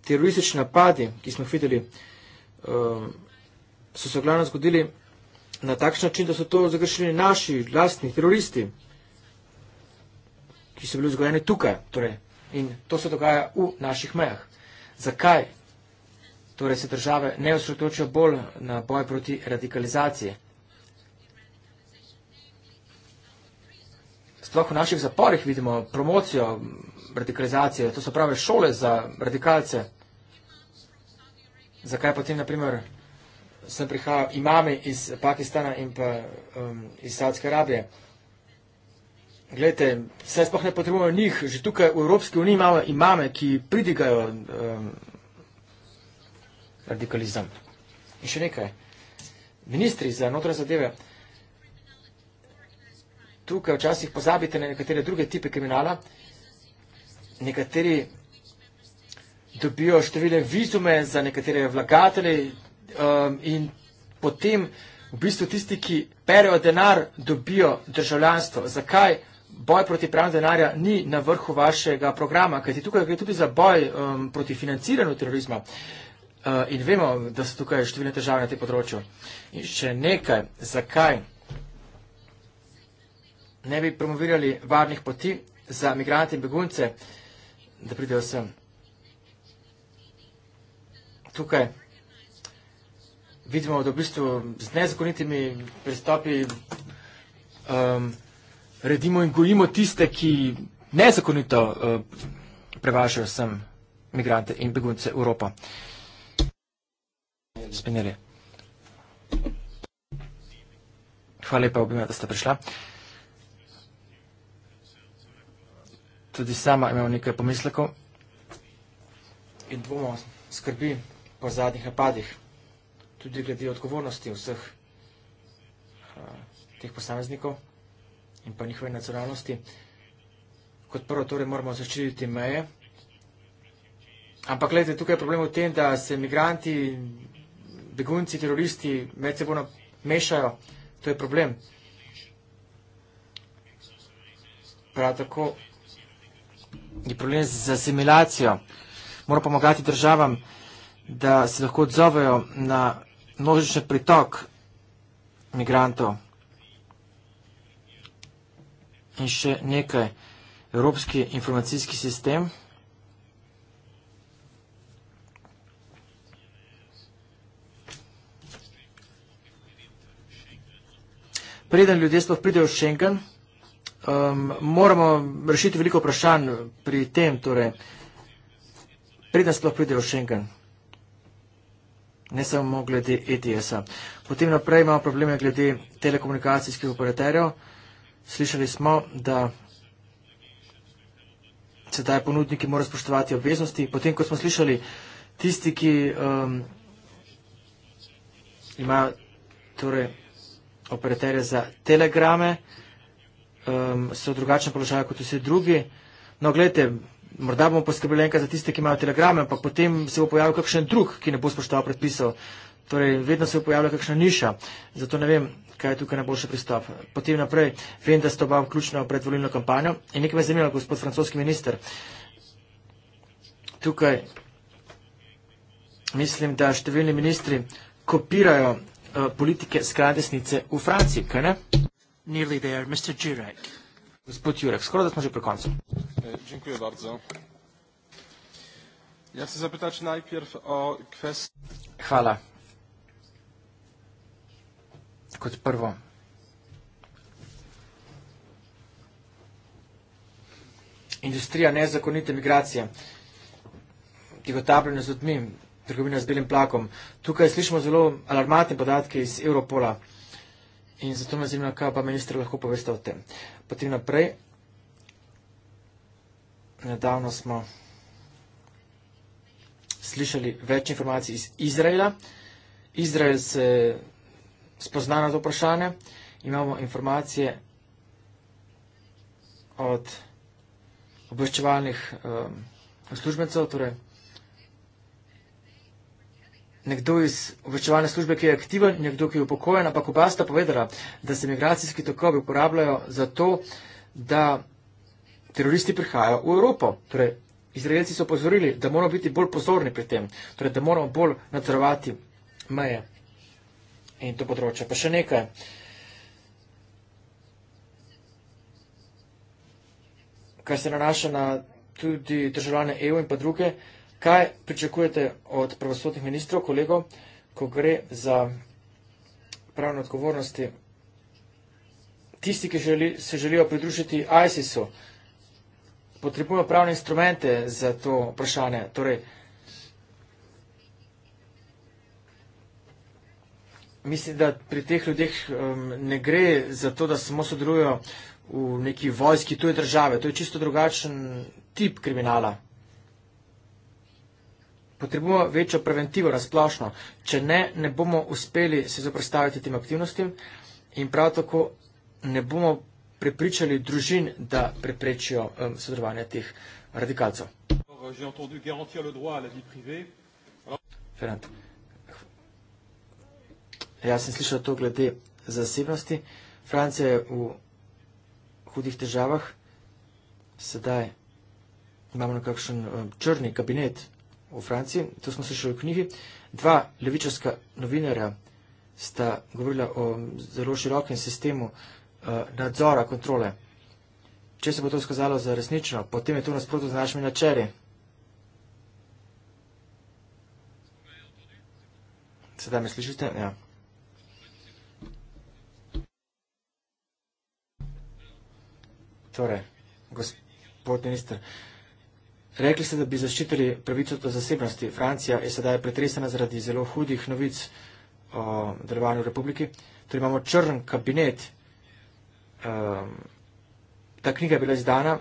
teroristični napadi, ki smo jih videli, um, so se glavno zgodili na takšen način, da so to zagrešili naši vlastni teroristi, ki so bili vzgojeni tukaj. Torej, in to se dogaja v naših mejah. Zakaj torej, se države ne osredotočajo bolj na boj proti radikalizaciji? Sploh v naših zaporih vidimo promocijo radikalizacije, to so prave šole za radikalce zakaj potem, naprimer, sem prihajal imame iz Pakistana in pa um, iz Saudske Arabije. Glejte, vse sploh ne potrebujemo njih, že tukaj v Evropski uniji imamo imame, ki pridigajo um, radikalizem. In še nekaj. Ministri za notra zadeve, tukaj včasih pozabite na nekatere druge tipe kriminala, nekateri dobijo številne vizume za nekatere vlagatelje um, in potem v bistvu tisti, ki perejo denar, dobijo državljanstvo. Zakaj boj proti pranju denarja ni na vrhu vašega programa? Kajti tukaj gre tudi za boj um, proti financiranju terorizma. Uh, in vemo, da so tukaj številne težave na tem področju. In še nekaj, zakaj ne bi promovirali varnih poti za migrante in begunce, da pridejo sem tukaj vidimo, da v bistvu z nezakonitimi pristopi um, redimo in gojimo tiste, ki nezakonito uh, prevažajo sem migrante in begunce v Evropo. Spinelje. Hvala lepa obima, da ste prišla. Tudi sama imam nekaj pomislekov in dvomo skrbi po zadnjih napadih, tudi glede odgovornosti vseh eh, teh posameznikov in pa njihove nacionalnosti. Kot prvo torej moramo zaščititi meje. Ampak gledajte, tukaj je problem v tem, da se migranti, begunci, teroristi med sebojno mešajo. To je problem. Prav tako je problem z asimilacijo. Moramo pomagati državam da se lahko odzovejo na množičen pritok migrantov. In še nekaj, Evropski informacijski sistem, Preden ljudje sploh pridejo v Schengen, um, moramo rešiti veliko vprašanj pri tem, torej, preden sploh pridejo v Schengen ne samo glede ETS-a. Potem naprej imamo probleme glede telekomunikacijskih operaterjev. Slišali smo, da sedaj ponudniki morajo spoštovati obveznosti. Potem, ko smo slišali, tisti, ki um, imajo torej, operaterje za telegrame, um, so v drugačnem položaju kot vsi drugi. No, gledajte, morda bomo poskrbeli enkrat za tiste, ki imajo telegrame, ampak potem se bo pojavil kakšen drug, ki ne bo spoštoval predpisov. Torej, vedno se bo pojavila kakšna niša, zato ne vem, kaj je tukaj najboljši pristop. Potem naprej, vem, da ste oba vključena v predvolilno kampanjo in nekaj me je zanimalo, gospod francoski minister. Tukaj mislim, da številni ministri kopirajo uh, politike skladesnice v Franciji, kaj ne? Nearly there, Mr. Jurek. Gospod Jurek, skoraj da smo že pri koncu. Dziękuję bardzo. Ja chcę zapytać najpierw o kwestię... Chwala. Kod prwo. Industrija nezakonite migracije. Tihotapljenje z ljudmi, trgovina z belim plakom. Tukaj slišimo zelo alarmatne podatke iz Europola. In zato me zanima, kaj pa ministr lahko poveste o tem. Potem naprej nedavno smo slišali več informacij iz Izraela. Izrael se spozna na to vprašanje. Imamo informacije od obveščevalnih um, službencev, torej nekdo iz obveščevalne službe, ki je aktiven, nekdo, ki je upokojen, ampak oba sta povedala, da se migracijski tokovi uporabljajo za to, da teroristi prihajajo v Evropo. Torej, izraelci so pozorili, da moramo biti bolj pozorni pri tem, torej, da moramo bolj nadzorovati meje in to področje. Pa še nekaj. kar se nanaša na tudi državljane EU in pa druge, kaj pričakujete od pravosodnih ministrov, kolego, ko gre za pravno odgovornosti tisti, ki želi, se želijo pridružiti ISIS-u potrebujemo pravne instrumente za to vprašanje. Torej, mislim, da pri teh ljudeh um, ne gre za to, da samo sodelujo v neki vojski tuje države. To je čisto drugačen tip kriminala. Potrebujemo večjo preventivo razplošno. Če ne, ne bomo uspeli se zoprostaviti tem aktivnostim in prav tako ne bomo prepričali družin, da preprečijo um, sodelovanje teh radikalcev. Ferant. Jaz sem slišal to glede zasebnosti. Francija je v hudih težavah. Sedaj imamo nekakšen um, črni kabinet v Franciji. To smo slišali v knjigi. Dva levičarska novinarja sta govorila o zelo širokem sistemu Eh, nadzora, kontrole. Če se bo to skazalo za resnično, potem je to nasprotno z našimi načeli. Sedaj me slišite? Ja. Torej, gospod minister, rekli ste, da bi zaščitili pravico do zasebnosti. Francija je sedaj pretresena zaradi zelo hudih novic o delovanju republiki. Torej imamo črn kabinet Ehm, ta knjiga je bila izdana,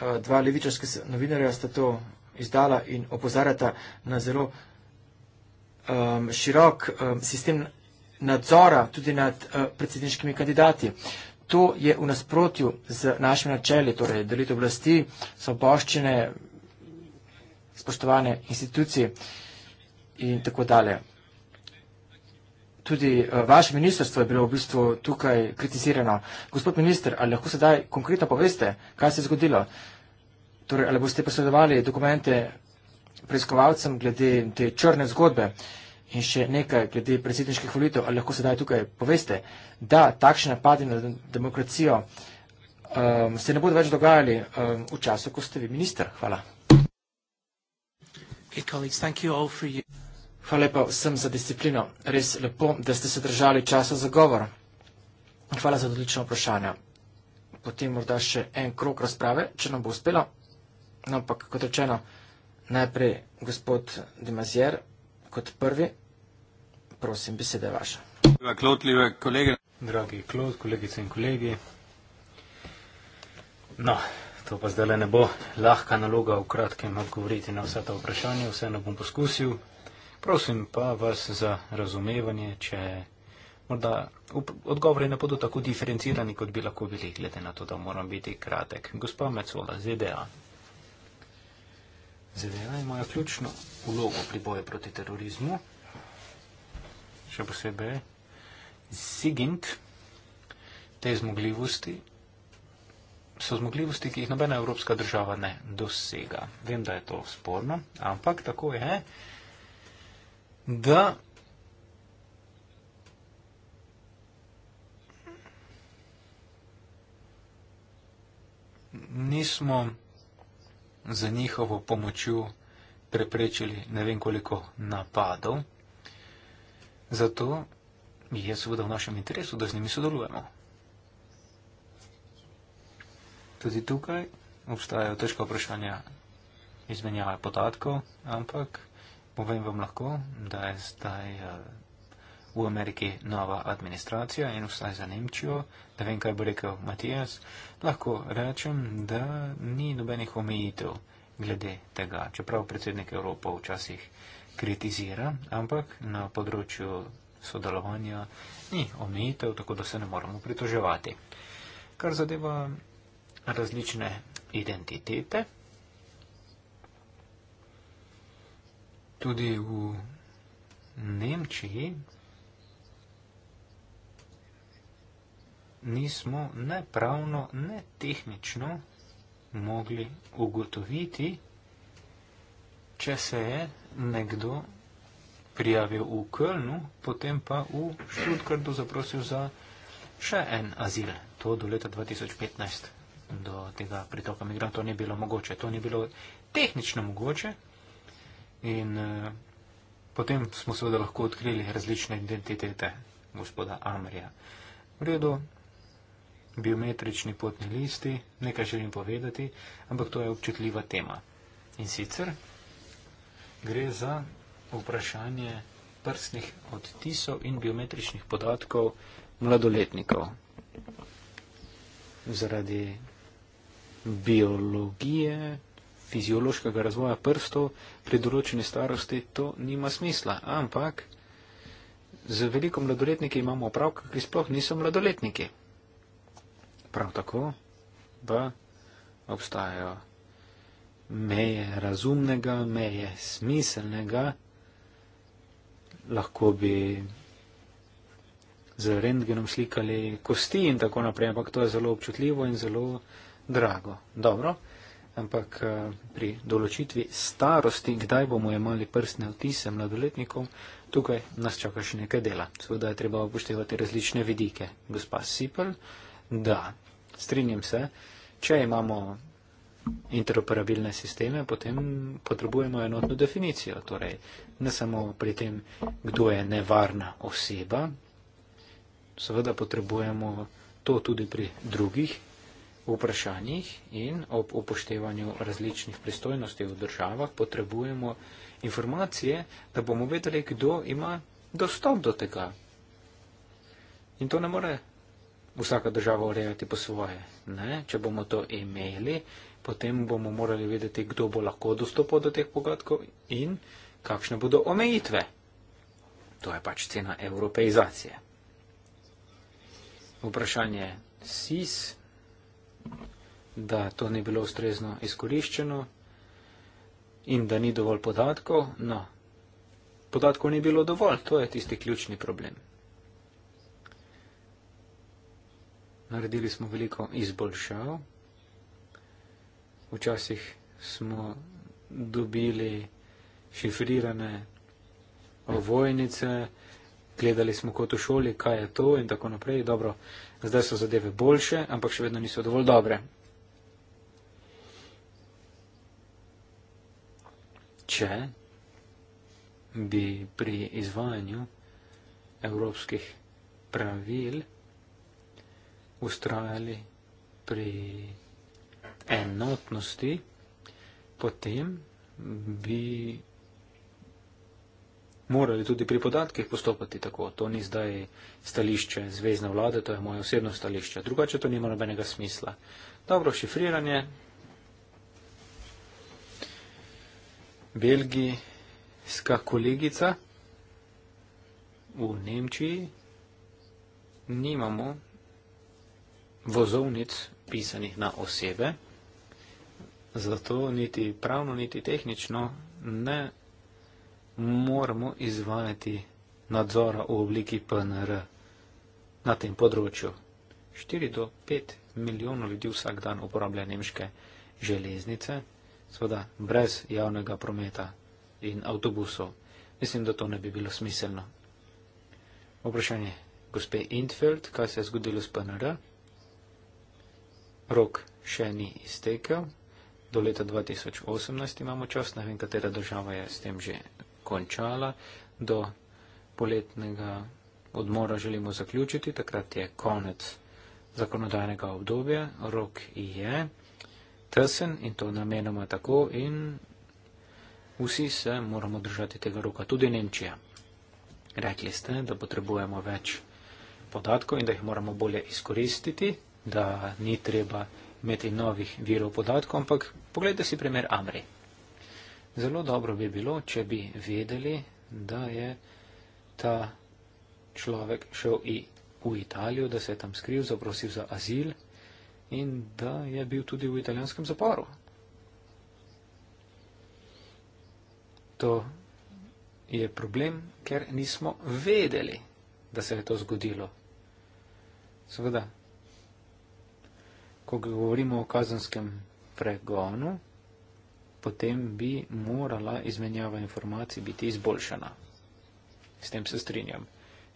eh, dva levičarska novinarja sta to izdala in opozarjata na zelo um, širok um, sistem nadzora tudi nad uh, predsedniškimi kandidati. To je v nasprotju z našimi načeli, torej delitev oblasti, svoboščine, spoštovane institucije in tako dalje tudi eh, vaše ministrstvo je bilo v bistvu tukaj kritizirano. Gospod minister, ali lahko sedaj konkretno poveste, kaj se je zgodilo? Torej, ali boste posredovali dokumente preiskovalcem glede te črne zgodbe in še nekaj glede predsedniških volitev, ali lahko sedaj tukaj poveste, da takšne napade na demokracijo um, se ne bodo več dogajali um, v času, ko ste vi minister? Hvala. Hey colleagues, thank you all for you. Hvala lepa vsem za disciplino. Res lepo, da ste se držali časa za govor. Hvala za odlično vprašanje. Potem morda še en krok razprave, če nam bo uspelo. No, ampak kot rečeno, najprej gospod Demazier kot prvi. Prosim, beseda je vaša. Klotljive kolege. Dragi klot, kolegice in kolegi. No, to pa zdaj le ne bo lahka naloga v kratkem odgovoriti na vsa ta vprašanja, vseeno bom poskusil. Prosim pa vas za razumevanje, če morda odgovori ne bodo tako diferencirani, kot bi lahko bili, glede na to, da moram biti kratek. Gospa Mecola, ZDA. ZDA imajo ključno vlogo pri boju proti terorizmu, še posebej ZIGINT, te zmogljivosti. So zmogljivosti, ki jih nobena evropska država ne dosega. Vem, da je to sporno, ampak tako je да nismo za njihovo pomočjo preprečili ne vem koliko napadov, zato je seveda v našem interesu, da z njimi sodelujemo. Tudi tukaj obstajajo težka vprašanja izmenjave podatkov, ampak Povem vam lahko, da je zdaj eh, v Ameriki nova administracija in vsaj za Nemčijo, da vem, kaj bo rekel Matijas, lahko rečem, da ni nobenih omejitev glede tega, čeprav predsednik Evropa včasih kritizira, ampak na področju sodelovanja ni omejitev, tako da se ne moramo pritoževati. Kar zadeva različne identitete, tudi v Nemčiji nismo ne pravno, ne tehnično mogli ugotoviti, če se je nekdo prijavil v Kölnu, potem pa v Študkardu zaprosil za še en azil. To do leta 2015, do tega pritoka migrantov, ni bilo mogoče. To ni bilo tehnično mogoče, In uh, potem smo seveda lahko odkrili različne identitete gospoda Amrija. V redu, biometrični potni listi, nekaj želim povedati, ampak to je občutljiva tema. In sicer gre za vprašanje prstnih odtisov in biometričnih podatkov mladoletnikov. Zaradi biologije, fiziološkega razvoja prstov pri določeni starosti, to nima smisla. Ampak z veliko mladoletniki imamo opravka, ki sploh niso mladoletniki. Prav tako pa obstajajo meje razumnega, meje smiselnega. Lahko bi z rentgenom slikali kosti in tako naprej, ampak to je zelo občutljivo in zelo drago. Dobro ampak eh, pri določitvi starosti, kdaj bomo imeli prstne vtise mladoletnikov, tukaj nas čaka še nekaj dela. Seveda je treba upoštevati različne vidike. Gospa Sipel, da, strinjam se, če imamo interoperabilne sisteme, potem potrebujemo enotno definicijo. Torej, ne samo pri tem, kdo je nevarna oseba, seveda potrebujemo. To tudi pri drugih vprašanjih in ob upoštevanju različnih pristojnosti v državah potrebujemo informacije, da bomo vedeli, kdo ima dostop do tega. In to ne more vsaka država urejati po svoje. Ne? Če bomo to imeli, potem bomo morali vedeti, kdo bo lahko dostopal do teh podatkov in kakšne bodo omejitve. To je pač cena evropeizacije. Vprašanje SIS da to ni bilo ustrezno izkoriščeno in da ni dovolj podatkov. No, podatkov ni bilo dovolj, to je tisti ključni problem. Naredili smo veliko izboljšav. Včasih smo dobili šifrirane ovojnice, gledali smo kot v šoli, kaj je to in tako naprej. Dobro, zdaj so zadeve boljše, ampak še vedno niso dovolj dobre. Če bi pri izvajanju evropskih pravil ustrajali pri enotnosti, potem bi morali tudi pri podatkih postopati tako. To ni zdaj stališče zvezdne vlade, to je moje osebno stališče. Drugače to nima nobenega smisla. Dobro, šifriranje. Belgijska kolegica v Nemčiji nimamo vozovnic pisanih na osebe, zato niti pravno, niti tehnično ne moramo izvajati nadzora v obliki PNR na tem področju. 4 do 5 milijonov ljudi vsak dan uporablja nemške železnice, seveda brez javnega prometa in avtobusov. Mislim, da to ne bi bilo smiselno. Vprašanje gospe Intfeld, kaj se je zgodilo s PNR? Rok še ni iztekel. Do leta 2018 imamo čas, ne vem, katera država je s tem že končala, do poletnega odmora želimo zaključiti, takrat je konec zakonodajnega obdobja, rok je tesen in to namenoma tako in vsi se moramo držati tega roka, tudi Nemčija. Rekli ste, da potrebujemo več podatkov in da jih moramo bolje izkoristiti, da ni treba imeti novih virov podatkov, ampak pogledajte si primer Amri. Zelo dobro bi bilo, če bi vedeli, da je ta človek šel v Italijo, da se je tam skril, zaprosil za azil in da je bil tudi v italijanskem zaporu. To je problem, ker nismo vedeli, da se je to zgodilo. Seveda, ko govorimo o kazanskem pregonu, potem bi morala izmenjava informacij biti izboljšana. S tem se strinjam.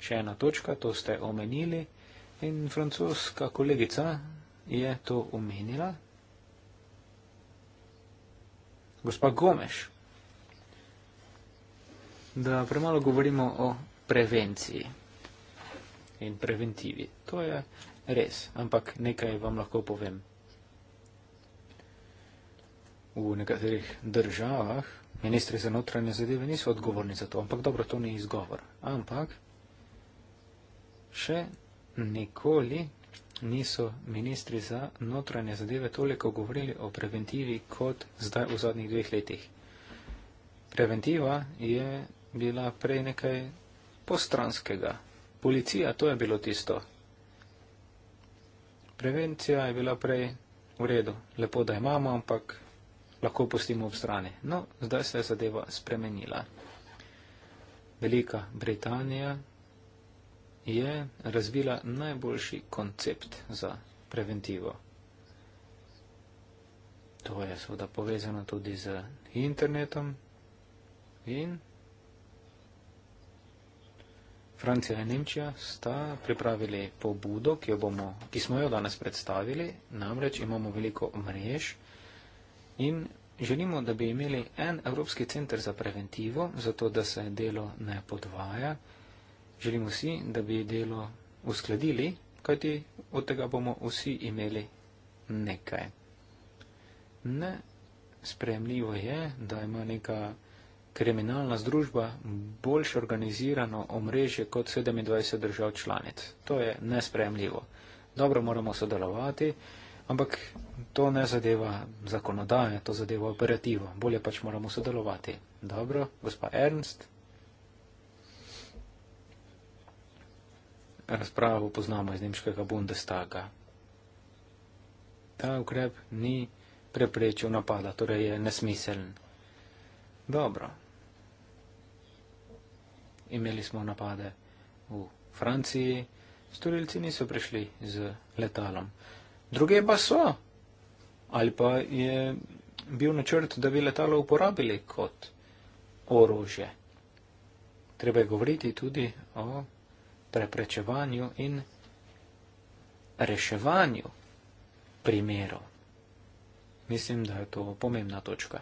Še ena točka, to ste omenili in francoska kolegica je to omenila. Gospa Gomeš, da premalo govorimo o prevenciji in preventivi. To je res, ampak nekaj vam lahko povem v nekaterih državah, ministri za notranje zadeve niso odgovorni za to, ampak dobro, to ni izgovor. Ampak še nikoli niso ministri za notranje zadeve toliko govorili o preventivi kot zdaj v zadnjih dveh letih. Preventiva je bila prej nekaj postranskega. Policija, to je bilo tisto. Prevencija je bila prej v redu. Lepo, da imamo, ampak lahko pustimo ob strani. No, zdaj se je zadeva spremenila. Velika Britanija je razvila najboljši koncept za preventivo. To je seveda povezano tudi z internetom in Francija in Nemčija sta pripravili pobudo, ki, bomo, ki smo jo danes predstavili, namreč imamo veliko mrež, in želimo, da bi imeli en Evropski centr za preventivo, zato da se delo ne podvaja. Želimo si, da bi delo uskladili, kajti od tega bomo vsi imeli nekaj. Ne spremljivo je, da ima neka kriminalna združba boljše organizirano omrežje kot 27 držav članic. To je nespremljivo. Dobro moramo sodelovati. Ampak to ne zadeva zakonodaje, to zadeva operativo. Bolje pač moramo sodelovati. Dobro, gospa Ernst. Razpravo poznamo iz nemškega Bundestaga. Ta ukrep ni preprečil napada, torej je nesmiseln. Dobro. Imeli smo napade v Franciji, storilci niso prišli z letalom druge pa so. Ali pa je bil načrt, da bi letalo uporabili kot orožje. Treba je govoriti tudi o preprečevanju in reševanju primerov. Mislim, da je to pomembna točka.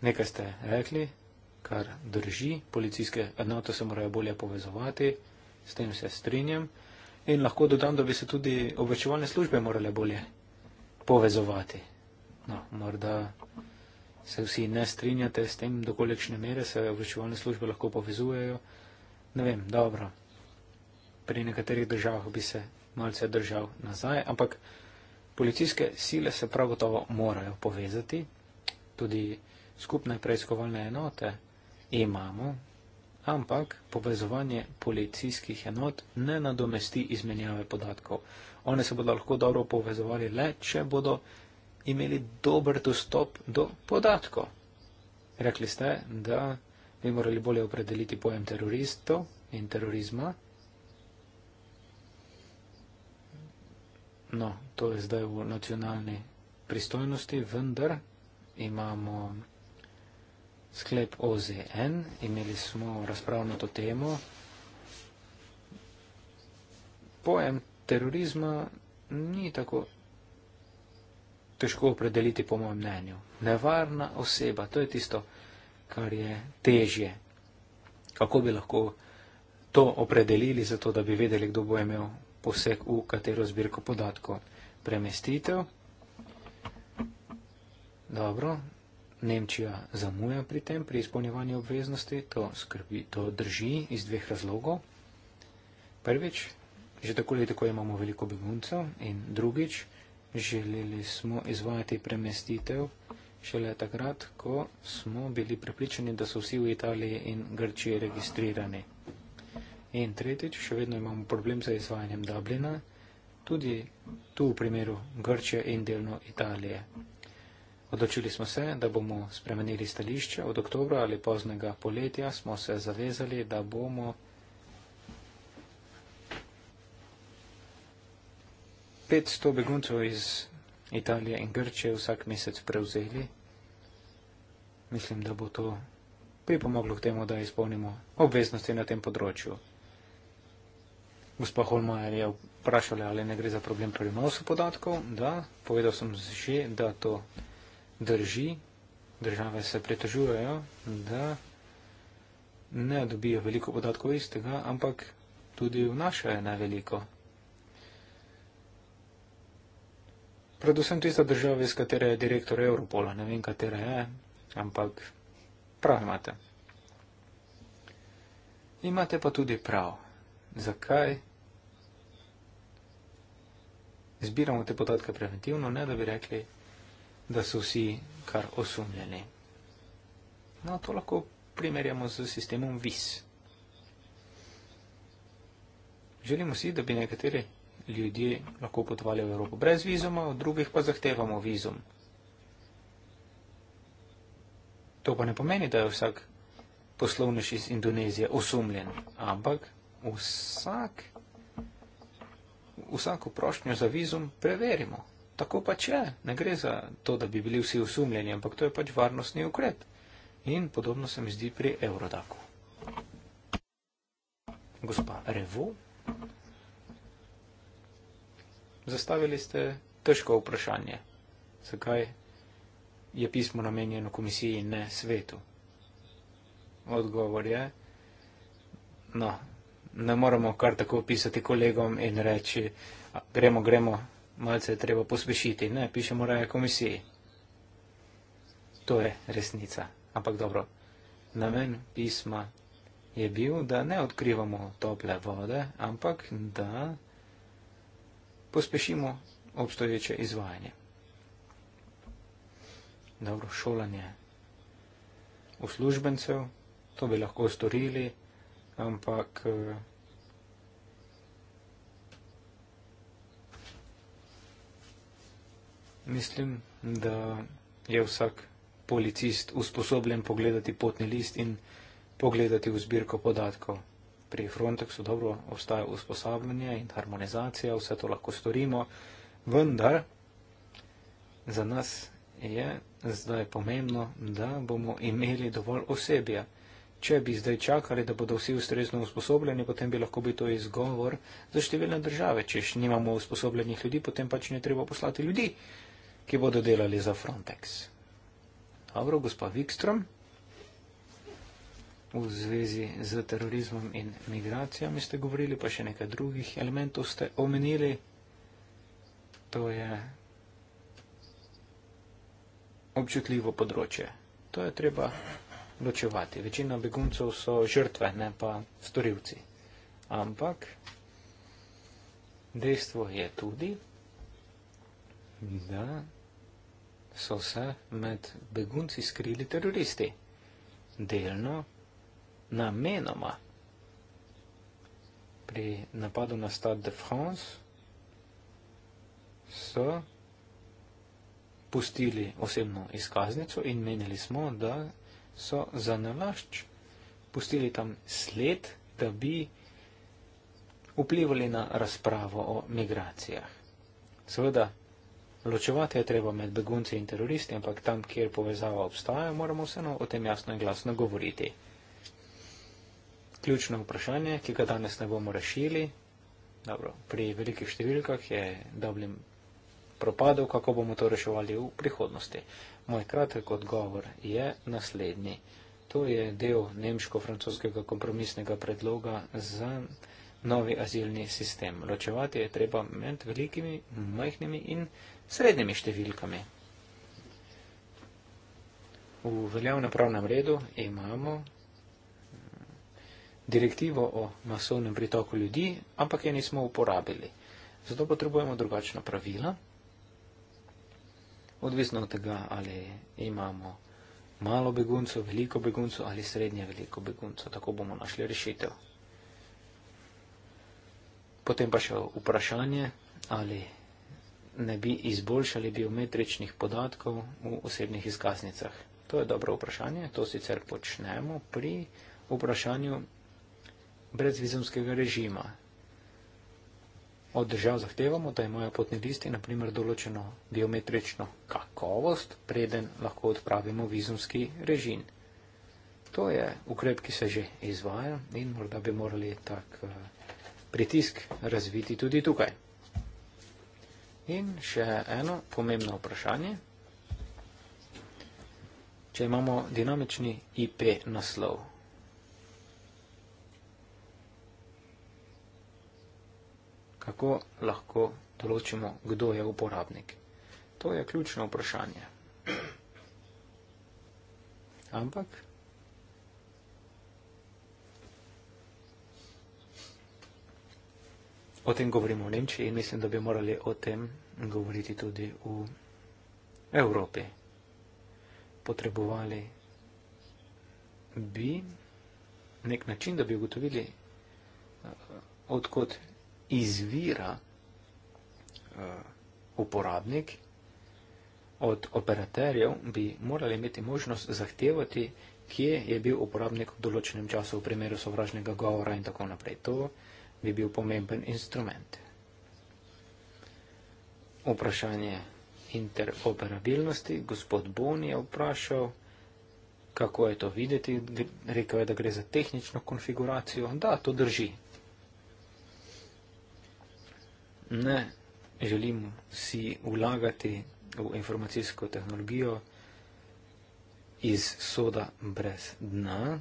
Nekaj ste rekli, kar drži, policijske enote se morajo bolje povezovati, s tem se strinjam. In lahko dodam, da bi se tudi obveščevalne službe morale bolje povezovati. No, morda se vsi ne strinjate s tem, do kolikšne mere se obveščevalne službe lahko povezujejo. Ne vem, dobro, pri nekaterih državah bi se malce držal nazaj, ampak policijske sile se prav gotovo morajo povezati. Tudi skupne preiskovalne enote imamo, ampak povezovanje policijskih enot ne nadomesti izmenjave podatkov. One se bodo lahko dobro povezovali le, če bodo imeli dober dostop do podatkov. Rekli ste, da bi morali bolje opredeliti pojem teroristov in terorizma. No, to je zdaj v nacionalni pristojnosti, vendar imamo sklep OZN. Imeli smo razpravo na to temo. Pojem terorizma ni tako težko opredeliti po mojem mnenju. Nevarna oseba, to je tisto, kar je težje. Kako bi lahko to opredelili, zato da bi vedeli, kdo bo imel poseg v katero zbirko podatkov. Premestitev. Dobro, Nemčija zamuja pri tem, pri izpolnjevanju obveznosti, to, skrbi, to drži iz dveh razlogov. Prvič, že tako ali tako imamo veliko beguncev in drugič, želeli smo izvajati premestitev šele takrat, ko smo bili prepričani, da so vsi v Italiji in Grčiji registrirani. In tretjič, še vedno imamo problem z izvajanjem Dublina, tudi tu v primeru Grčije in delno Italije. Odločili smo se, da bomo spremenili stališče. Od oktobra ali poznega poletja smo se zavezali, da bomo petsto beguncev iz Italije in Grčije vsak mesec prevzeli. Mislim, da bo to pripomoglo k temu, da izpolnimo obveznosti na tem področju. Gospa Holmajer je vprašala, ali ne gre za problem pri vnosu podatkov. Da, povedal sem že, da to drži, države se pritožujejo, da ne dobijo veliko podatkov iz tega, ampak tudi vnašajo ne veliko. Predvsem tista država, iz katere je direktor Europola, ne vem, katera je, ampak prav imate. Imate pa tudi prav. Zakaj? Zbiramo te podatke preventivno, ne da bi rekli, da so vsi kar osumljeni. No, to lahko primerjamo z sistemom vis. Želimo si, da bi nekateri ljudje lahko potovali v Evropo brez vizuma, od drugih pa zahtevamo vizum. To pa ne pomeni, da je vsak poslovnež iz Indonezije osumljen, ampak vsak, vsako prošnjo za vizum preverimo tako pač je. Ne gre za to, da bi bili vsi usumljeni, ampak to je pač varnostni ukrep. In podobno se mi zdi pri Eurodaku. Gospa Revu, zastavili ste težko vprašanje. Zakaj je pismo namenjeno komisiji in ne svetu? Odgovor je, no, ne moramo kar tako pisati kolegom in reči, gremo, gremo, malce je treba pospešiti, ne, piše moraje komisiji. To je resnica. Ampak dobro, namen pisma je bil, da ne odkrivamo tople vode, ampak da pospešimo obstoječe izvajanje. Dobro, šolanje uslužbencev, to bi lahko storili, ampak eh, Mislim, da je vsak policist usposobljen pogledati potni list in pogledati v zbirko podatkov. Pri Frontexu dobro obstaja usposabljanje in harmonizacija, vse to lahko storimo, vendar za nas je zdaj pomembno, da bomo imeli dovolj osebja. Če bi zdaj čakali, da bodo vsi ustrezno usposobljeni, potem bi lahko bil to izgovor za številne države. Če še nimamo usposobljenih ljudi, potem pač ne treba poslati ljudi ki bodo delali za Frontex. Dobro, gospa Wikström, v zvezi z terorizmom in migracijami ste govorili, pa še nekaj drugih elementov ste omenili. To je občutljivo področje. To je treba ločevati. Večina beguncev so žrtve, ne pa storilci. Ampak dejstvo je tudi, da so se med begunci skrili teroristi. Delno namenoma. Pri napadu na Stade de France so pustili osebno izkaznico in menili smo, da so za nalašč pustili tam sled, da bi vplivali na razpravo o migracijah. Seveda, Ločevati je treba med begunci in teroristi, ampak tam, kjer povezava obstaja, moramo vseeno o tem jasno in glasno govoriti. Ključno vprašanje, ki ga danes ne bomo rešili, dobro, pri velikih številkah je Dublin propadel, kako bomo to reševali v prihodnosti. Moj kratek odgovor je naslednji. To je del nemško-francoskega kompromisnega predloga za novi azilni sistem. Ločevati je treba med velikimi, majhnimi in srednjimi številkami. V veljavnem pravnem redu imamo mm, direktivo o masovnem pritoku ljudi, ampak je nismo uporabili. Zato potrebujemo drugačna pravila, odvisno od tega, ali imamo malo beguncev, veliko beguncev ali srednje veliko beguncev. Tako bomo našli rešitev. Potem pa še vprašanje, ali ne bi izboljšali biometričnih podatkov v osebnih izkaznicah? To je dobro vprašanje, to sicer počnemo pri vprašanju brezvizumskega režima. Od držav zahtevamo, da imajo potni listi naprimer določeno biometrično kakovost, preden lahko odpravimo vizumski režim. To je ukrep, ki se že izvaja in morda bi morali tak eh, pritisk razviti tudi tukaj. In še eno pomembno vprašanje. Če imamo dinamični IP naslov. Kako lahko določimo, kdo je uporabnik? To je ključno vprašanje. Ampak o tem govorimo v Nemčiji in mislim, da bi morali o tem govoriti tudi v Evropi. Potrebovali bi nek način, da bi ugotovili, eh, odkot izvira eh, uporabnik, od operaterjev bi morali imeti možnost zahtevati, kje je bil uporabnik v določenem času v primeru sovražnega govora in tako naprej. To bi bil pomemben instrument. Vprašanje interoperabilnosti. Gospod Bon je vprašal, kako je to videti. Rekel je, da gre za tehnično konfiguracijo. Da, to drži. Ne želim si vlagati v informacijsko tehnologijo iz soda brez dna,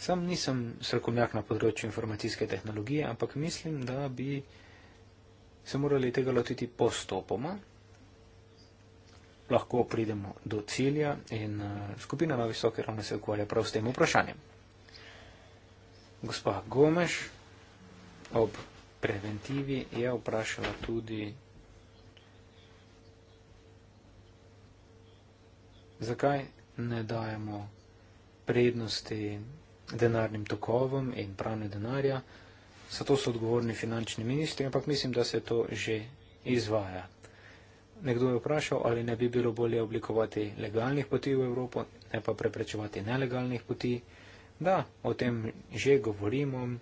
Sam nisem srkomjak na področju informacijske tehnologije, ampak mislim, da bi se morali tega lotiti postopoma. Lahko pridemo do cilja in eh, skupina na visoke ravne se ukvarja prav s tem vprašanjem. Gospa Gomeš ob preventivi je vprašala tudi, zakaj ne dajemo prednosti denarnim tokovom in pranju denarja. Za to so odgovorni finančni ministri, ampak mislim, da se to že izvaja. Nekdo je vprašal, ali ne bi bilo bolje oblikovati legalnih poti v Evropo, ne pa preprečevati nelegalnih poti. Da, o tem že govorimo.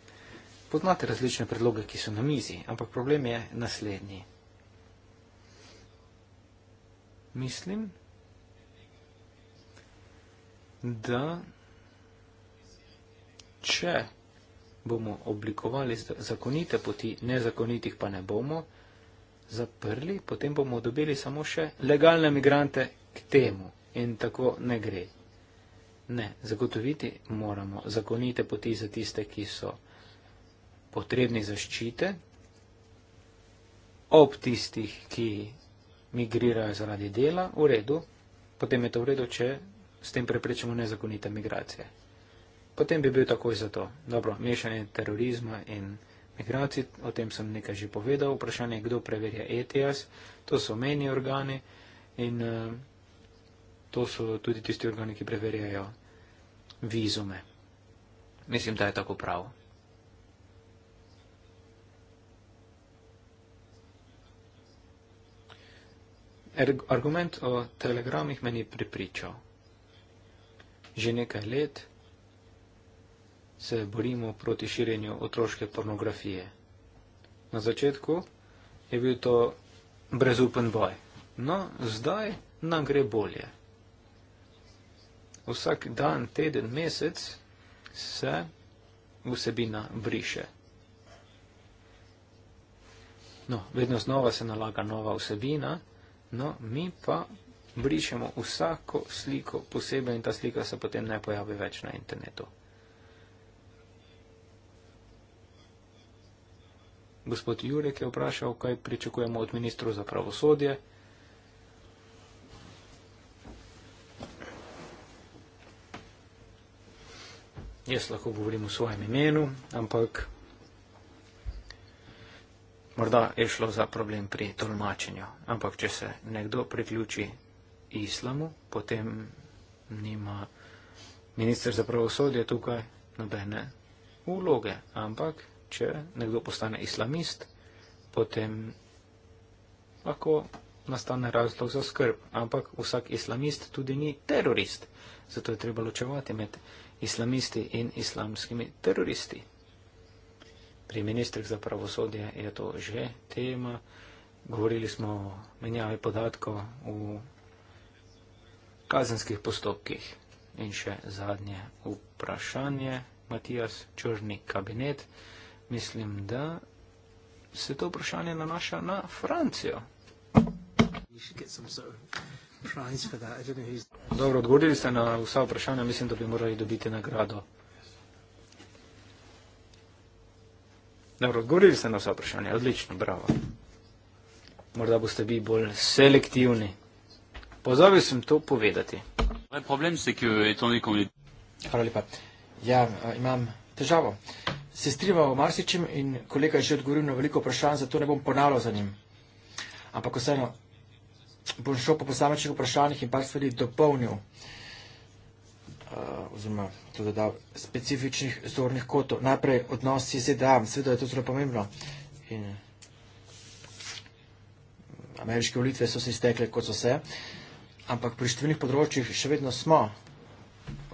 Poznate različne predloge, ki so na mizi, ampak problem je naslednji. Mislim, da če bomo oblikovali zakonite poti, nezakonitih pa ne bomo zaprli, potem bomo dobili samo še legalne migrante k temu. In tako ne gre. Ne, zagotoviti moramo zakonite poti za tiste, ki so potrebni zaščite, ob tistih, ki migrirajo zaradi dela, v redu, potem je to v redu, če s tem preprečimo nezakonite migracije potem bi bil takoj za to. Dobro, mešanje terorizma in migracij, o tem sem nekaj že povedal, vprašanje je, kdo preverja ETS, to so meni organi in uh, to so tudi tisti organi, ki preverjajo vizume. Mislim, da je tako prav. Er-, argument o telegramih meni pripričal. Že nekaj let se borimo proti širjenju otroške pornografije. Na začetku je bil to brezupen boj. No, zdaj nam gre bolje. Vsak dan, teden, mesec se vsebina briše. No, vedno znova se nalaga nova vsebina, no, mi pa brišemo vsako sliko posebej in ta slika se potem ne pojavi več na internetu. Gospod Jurek je vprašal, kaj pričakujemo od ministrov za pravosodje. Jaz lahko govorim v svojem imenu, ampak morda je šlo za problem pri tolmačenju. Ampak, če se nekdo priključi islamu, potem nima minister za pravosodje tukaj nobene vloge. Ampak če nekdo postane islamist, potem lahko nastane razlog za skrb. Ampak vsak islamist tudi ni terorist. Zato je treba ločevati med islamisti in islamskimi teroristi. Pri ministrih za pravosodje je to že tema. Govorili smo o menjavi podatkov v kazenskih postopkih. In še zadnje vprašanje, Matijas, čužni kabinet mislim, da se to vprašanje nanaša na Francijo. Dobro, odgovorili ste na vsa vprašanja, mislim, da bi morali dobiti nagrado. Dobro, odgovorili ste na vsa vprašanja, odlično, bravo. Morda boste vi bolj selektivni. Pozabil sem to povedati. Hvala lepa. Ja, imam težavo. Se strivamo marsičem in kolega je že odgovoril na veliko vprašanj, zato ne bom ponavljal za njim. Ampak vseeno, bom šel po posamečnih vprašanjih in par stvari dopolnil, eh, oziroma to dodal, specifičnih zornih kotov. Najprej odnosi ZDA, seveda je to zelo pomembno. In eh, ameriške volitve so se iztekle, kot so se, ampak pri številnih področjih še vedno smo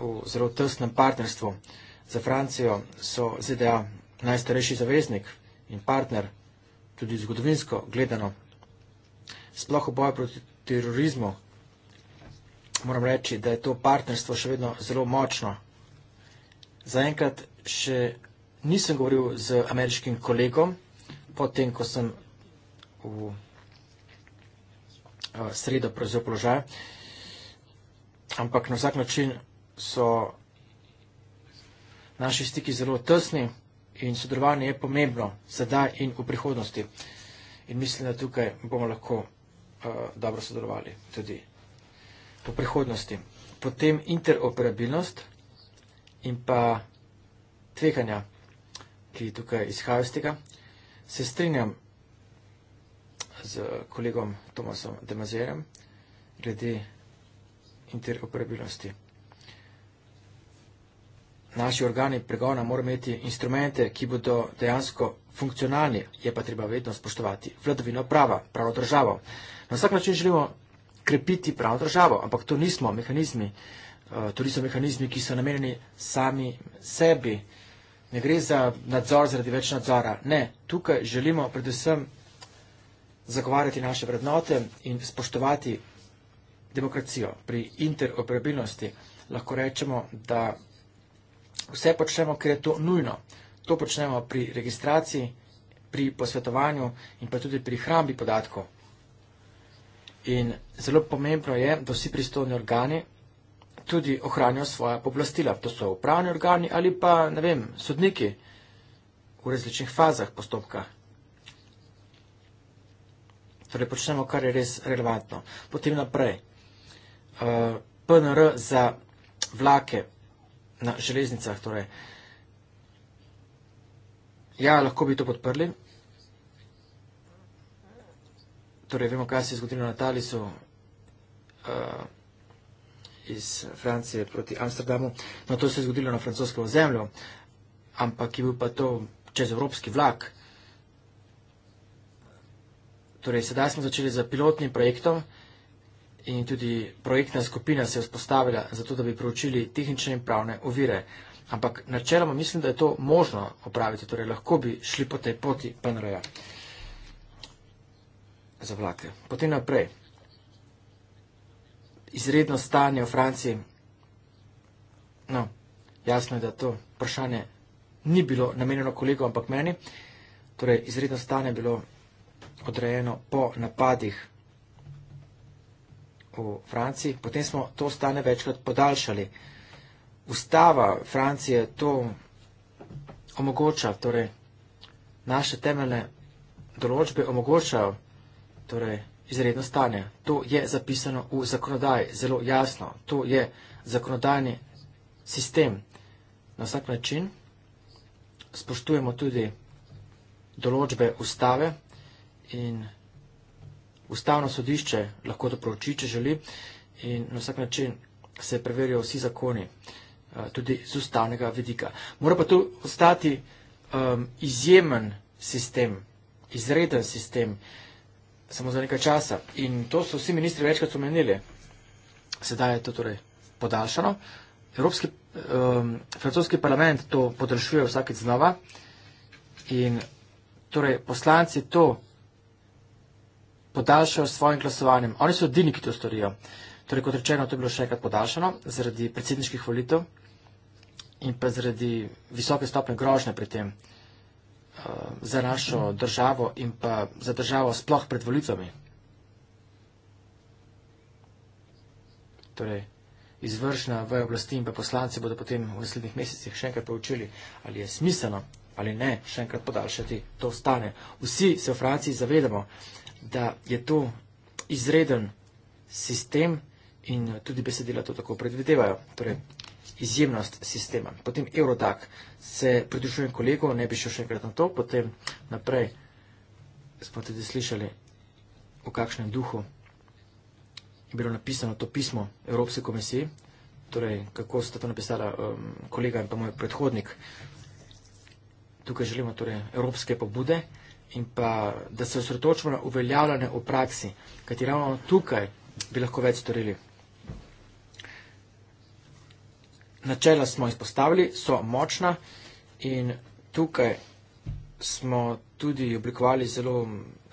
v zelo tesnem partnerstvu. Za Francijo so ZDA najstarejši zaveznik in partner, tudi zgodovinsko gledano. Sploh v boju proti terorizmu moram reči, da je to partnerstvo še vedno zelo močno. Zaenkrat še nisem govoril z ameriškim kolegom, potem, ko sem v eh, sredo prevzel položaj, ampak na vsak način so naši stiki zelo tesni in sodelovanje je pomembno sedaj in v prihodnosti. In mislim, da tukaj bomo lahko uh, dobro sodelovali tudi v prihodnosti. Potem interoperabilnost in pa tveganja, ki tukaj izhajajo iz tega. Se strinjam z kolegom Tomasom Demazerem glede interoperabilnosti naši organi pregona morajo imeti instrumente, ki bodo dejansko funkcionalni, je pa treba vedno spoštovati vladovino prava, pravno državo. Na vsak način želimo krepiti pravno državo, ampak to nismo mehanizmi, eh, to niso mehanizmi, ki so namenjeni sami sebi. Ne gre za nadzor zaradi več nadzora. Ne, tukaj želimo predvsem zagovarjati naše vrednote in spoštovati demokracijo pri interoperabilnosti. Lahko rečemo, da vse počnemo, ker je to nujno. To počnemo pri registraciji, pri posvetovanju in pa tudi pri hrambi podatkov. In zelo pomembno je, da vsi pristojni organi tudi ohranijo svoja poblastila. To so upravni organi ali pa, ne vem, sodniki v različnih fazah postopka. Torej, počnemo, kar je res relevantno. Potem naprej. Eh, PNR za vlake, na železnicah. Torej. Ja, lahko bi to podprli. Torej, vemo, kaj se je zgodilo na Talisu uh, iz Francije proti Amsterdamu. No, to se je zgodilo na francosko ozemlju, ampak je bil pa to čez evropski vlak. Torej, sedaj smo začeli z pilotnim projektom, uh, in tudi projektna skupina se je vzpostavila zato, da bi proučili tehnične in pravne ovire. Ampak načeloma mislim, da je to možno opraviti, torej lahko bi šli po tej poti PNR-ja za vlake. Potem naprej. Izredno stanje v Franciji. No, jasno je, da to vprašanje ni bilo namenjeno kolego, ampak meni. Torej, izredno stanje je bilo odrejeno po napadih v Franciji, potem smo to stanje večkrat podaljšali. Ustava Francije to omogoča, torej naše temeljne določbe omogočajo torej, izredno stanje. To je zapisano v zakonodaji, zelo jasno. To je zakonodajni sistem. Na vsak način spoštujemo tudi določbe ustave in ustavno sodišče lahko to prouči, če želi, in na vsak način se preverijo vsi zakoni, eh, tudi z ustavnega vidika. Mora pa tu ostati um, izjemen sistem, izreden sistem, samo za nekaj časa. In to so vsi ministri večkrat omenili. Sedaj je to torej podaljšano. Evropski, um, francoski parlament to podaljšuje vsakeč znova. In torej poslanci to podaljšajo s svojim glasovanjem. Oni so edini, ki to storijo. Torej, kot rečeno, to je bilo še enkrat podaljšano zaradi predsedniških volitev in pa zaradi visoke stopne grožnje pri tem uh, za našo mhm. državo in pa za državo sploh pred volitvami. Torej, izvršna v oblasti in pa poslanci bodo potem v naslednjih mesecih še enkrat poučili, ali je smiselno ali ne še enkrat podaljšati to stanje. Vsi se v Franciji zavedamo, da je to izreden sistem in tudi besedila to tako predvidevajo. Torej, izjemnost sistema. Potem Eurodac. Se pridružujem kolegov, ne bi šel še enkrat na to. Potem naprej smo tudi slišali, v kakšnem duhu je bilo napisano to pismo Evropske komisije. Torej, kako sta to napisala um, kolega in pa moj predhodnik. Tukaj želimo torej, evropske pobude in pa da se osredotočimo na uveljavljanje v praksi, kateri ravno tukaj bi lahko več storili. Načela smo izpostavili, so močna in tukaj smo tudi oblikovali zelo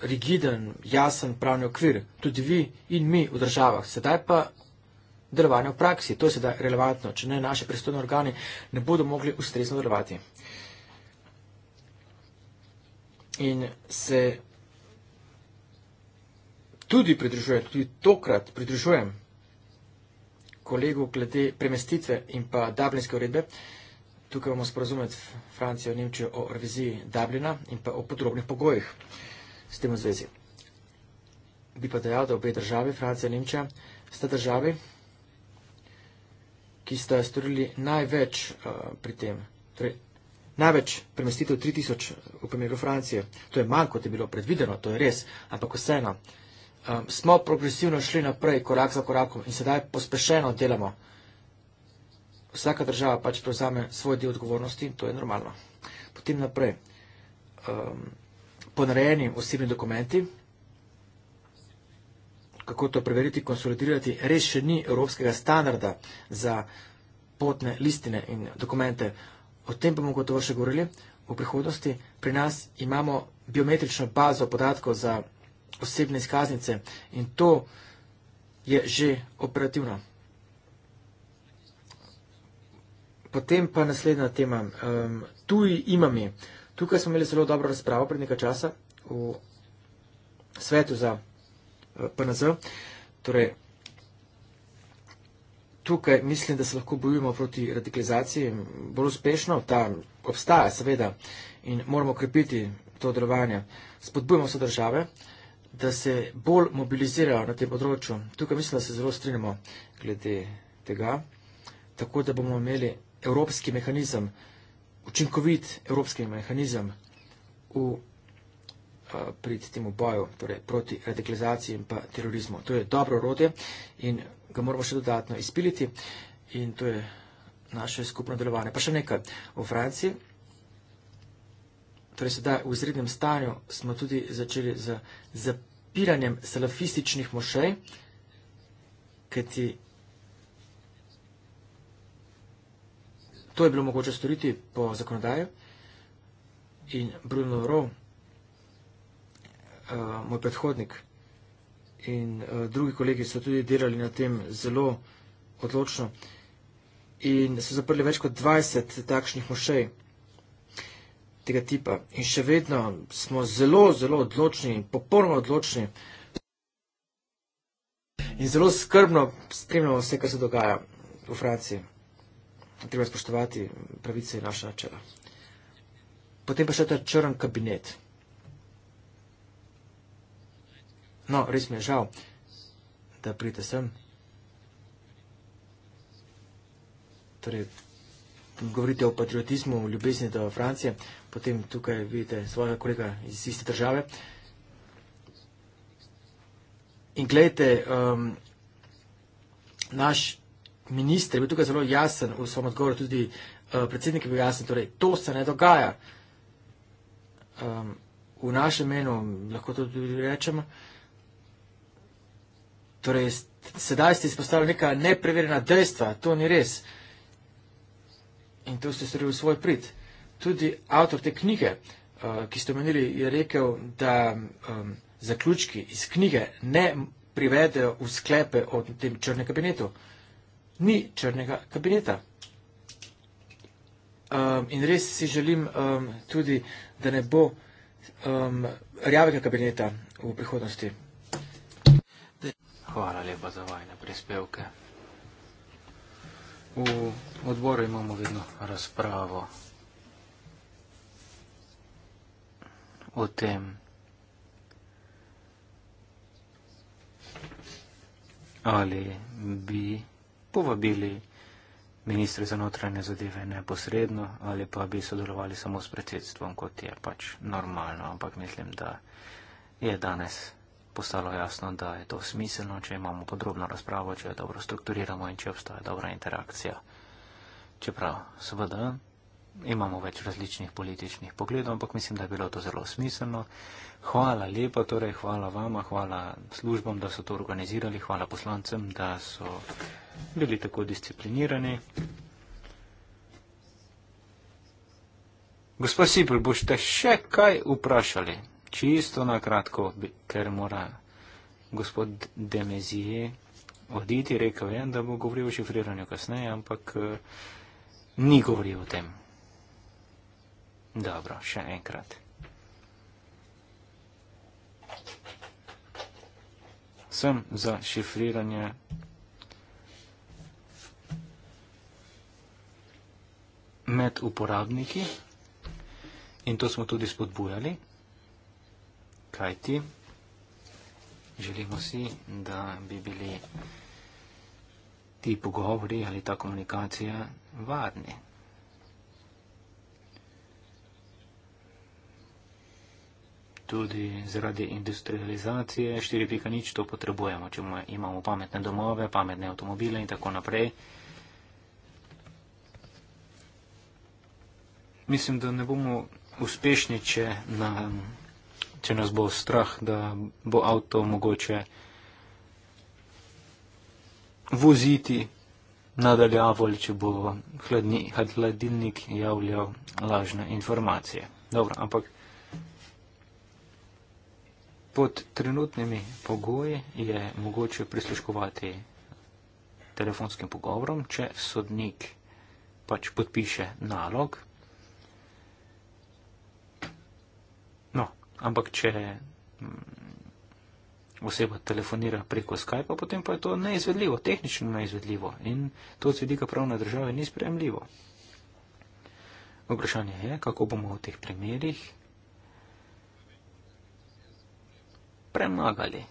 rigiden, jasen pravni okvir, tudi vi in mi v državah. Sedaj pa delovanje v praksi, to je sedaj relevantno, če ne naše pristojne organi ne bodo mogli ustrezno delovati in se tudi pridružujem, tudi tokrat pridružujem kolegu glede premestitve in pa dublinske uredbe. Tukaj bomo sporozumeti Francijo in Nemčijo o reviziji Dublina in pa o podrobnih pogojih s tem v zvezi. Bi pa dejal, da obe državi, Francija in Nemčija, sta državi, ki sta storili največ uh, pri tem. Torej, Največ premestitev 3000 v primeru Francije, to je manj, kot je bilo predvideno, to je res, ampak vseeno. Um, smo progresivno šli naprej, korak za korakom in sedaj pospešeno delamo. Vsaka država pač prevzame svoj del odgovornosti in to je normalno. Potem naprej. Um, ponarejeni osebni dokumenti, kako to preveriti, konsolidirati, res še ni evropskega standarda za potne listine in dokumente. O tem bomo gotovo še govorili v prihodnosti. Pri nas imamo biometrično bazo podatkov za osebne izkaznice in to je že operativno. Potem pa naslednja tema. Um, tuji imami. Tukaj smo imeli zelo dobro razpravo pred nekaj časa v svetu za eh, PNZ, torej tukaj mislim, da se lahko bojimo proti radikalizaciji bolj uspešno. Ta obstaja, seveda, in moramo krepiti to delovanje. Spodbujamo vse države, da se bolj mobilizirajo na tem področju. Tukaj mislim, da se zelo strinjamo glede tega, tako da bomo imeli evropski mehanizem, učinkovit evropski mehanizem v eh, pri temu boju torej proti radikalizaciji in pa terorizmu. To je dobro rode in ga moramo še dodatno izpiliti in to je naše skupno delovanje. Pa še nekaj, v Franciji, torej sedaj v izrednem stanju, smo tudi začeli z zapiranjem salafističnih mošej, kajti to je bilo mogoče storiti po zakonodaju in Bruno Rowe, eh, moj predhodnik, in uh, drugi kolegi so tudi delali na tem zelo odločno in so zaprli več kot 20 takšnih mošej tega tipa. In še vedno smo zelo, zelo odločni in popolnoma odločni in zelo skrbno spremljamo vse, kar se dogaja v Franciji. Treba spoštovati pravice in naša načela. Potem pa še ta črn kabinet. No, res mi je žal, da prite sem. Torej, govorite o patriotizmu, o ljubezni do Francije, potem tukaj vidite svojega kolega iz iste države. In gledajte, um, naš minister je bil tukaj zelo jasen v svojem odgovoru, tudi uh, predsednik je bil jasen, torej to se ne dogaja. Um, v našem menu lahko to tudi rečemo. Torej, sedaj ste izpostavili neka nepreverjena dejstva, to ni res. In to ste storili v svoj prid. Tudi avtor te knjige, eh, ki ste omenili, je rekel, da um, zaključki iz knjige ne privedejo v sklepe o tem črnem kabinetu. Ni črnega kabineta. Um, in res si želim um, tudi, da ne bo um, rjavega kabineta v prihodnosti. Hvala lepa za vajne prispevke. V odboru imamo vedno razpravo o tem, ali bi povabili ministre za notranje zadeve neposredno ali pa bi sodelovali samo s predsedstvom, kot je pač normalno, ampak mislim, da je danes vsega postalo jasno, da je to smiselno, če imamo podrobno razpravo, če jo dobro strukturiramo in če obstaja dobra interakcija. Čeprav, seveda, imamo več različnih političnih pogledov, ampak mislim, da je bilo to zelo smiselno. Hvala lepa, torej hvala vama, hvala službam, da so to organizirali, hvala poslancem, da so bili tako disciplinirani. Gospod Sipl, boste še kaj vprašali? čisto na kratko, ker mora gospod Demezije oditi, rekel je, da bo govoril o šifriranju kasneje, ampak eh, ni govoril o tem. Dobro, še enkrat. Sem za šifriranje. Med uporabniki in to smo tudi spodbujali kajti želimo si, da bi bili ti pogovori ali ta komunikacija varni. Tudi zaradi industrializacije 4.0 to potrebujemo, če imamo pametne domove, pametne avtomobile in tako naprej. Mislim, da ne bomo uspešni, če nam če nas bo strah, da bo avto mogoče voziti nadaljavo, če bo hladni, hladilnik javljal lažne informacije. Dobro, ampak pod trenutnimi pogoji je mogoče prisluškovati telefonskim pogovorom, če sodnik pač podpiše nalog, ampak če mm, oseba telefonira preko Skypa, potem pa je to neizvedljivo, tehnično neizvedljivo in to z vidika pravne države ni spremljivo. Vprašanje je, kako bomo v teh primerih premagali.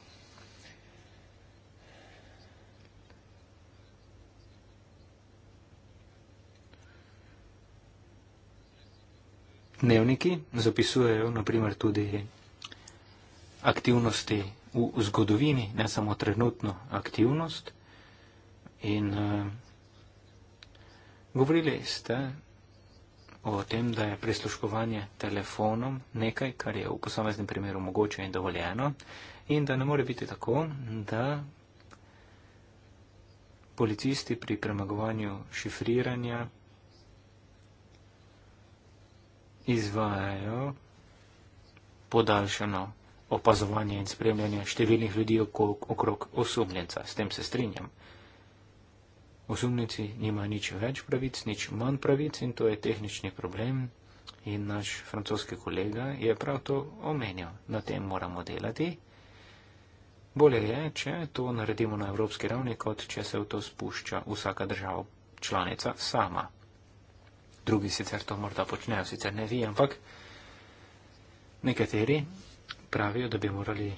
dnevniki zapisujejo naprimer tudi aktivnosti v zgodovini, ne samo trenutno aktivnost. In uh, govorili ste o tem, da je prisluškovanje telefonom nekaj, kar je v posameznem primeru mogoče in dovoljeno in da ne more biti tako, da policisti pri premagovanju šifriranja izvajajo podaljšano opazovanje in spremljanje številnih ljudi okrog, okrog osumljenca. S tem se strinjam. Osumljenci nimajo nič več pravic, nič manj pravic in to je tehnični problem. In naš francoski kolega je prav to omenil. Na tem moramo delati. Bolje je, če to naredimo na evropski ravni, kot če se v to spušča vsaka država članica sama drugi sicer to morda počnejo, sicer ne vi, ampak nekateri pravijo, da bi morali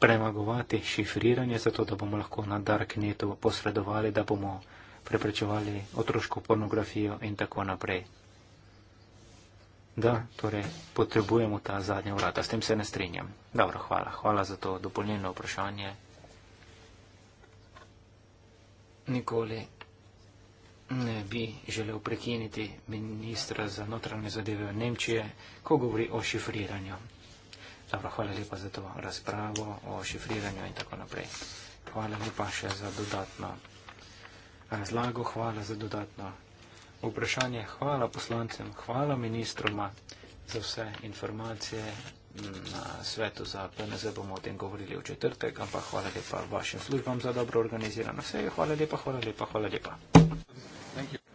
premagovati šifriranje, zato da bomo lahko na darknetu posredovali, da bomo preprečevali otroško pornografijo in tako naprej. Da, torej potrebujemo ta zadnja vrata, s tem se ne strinjam. Dobro, hvala. Hvala za to dopolnjeno vprašanje. Nikoli bi želel prekiniti ministra za notranje zadeve v Nemčije, ko govori o šifriranju. Dobro, hvala lepa za to razpravo o šifriranju in tako naprej. Hvala lepa še za dodatno razlago, hvala za dodatno vprašanje, hvala poslancem, hvala ministroma za vse informacije. Na svetu za PNZ bomo o tem govorili v četrtek, ampak hvala lepa vašim službam za dobro organizirano sejo. Hvala lepa, hvala lepa, hvala lepa. Thank you.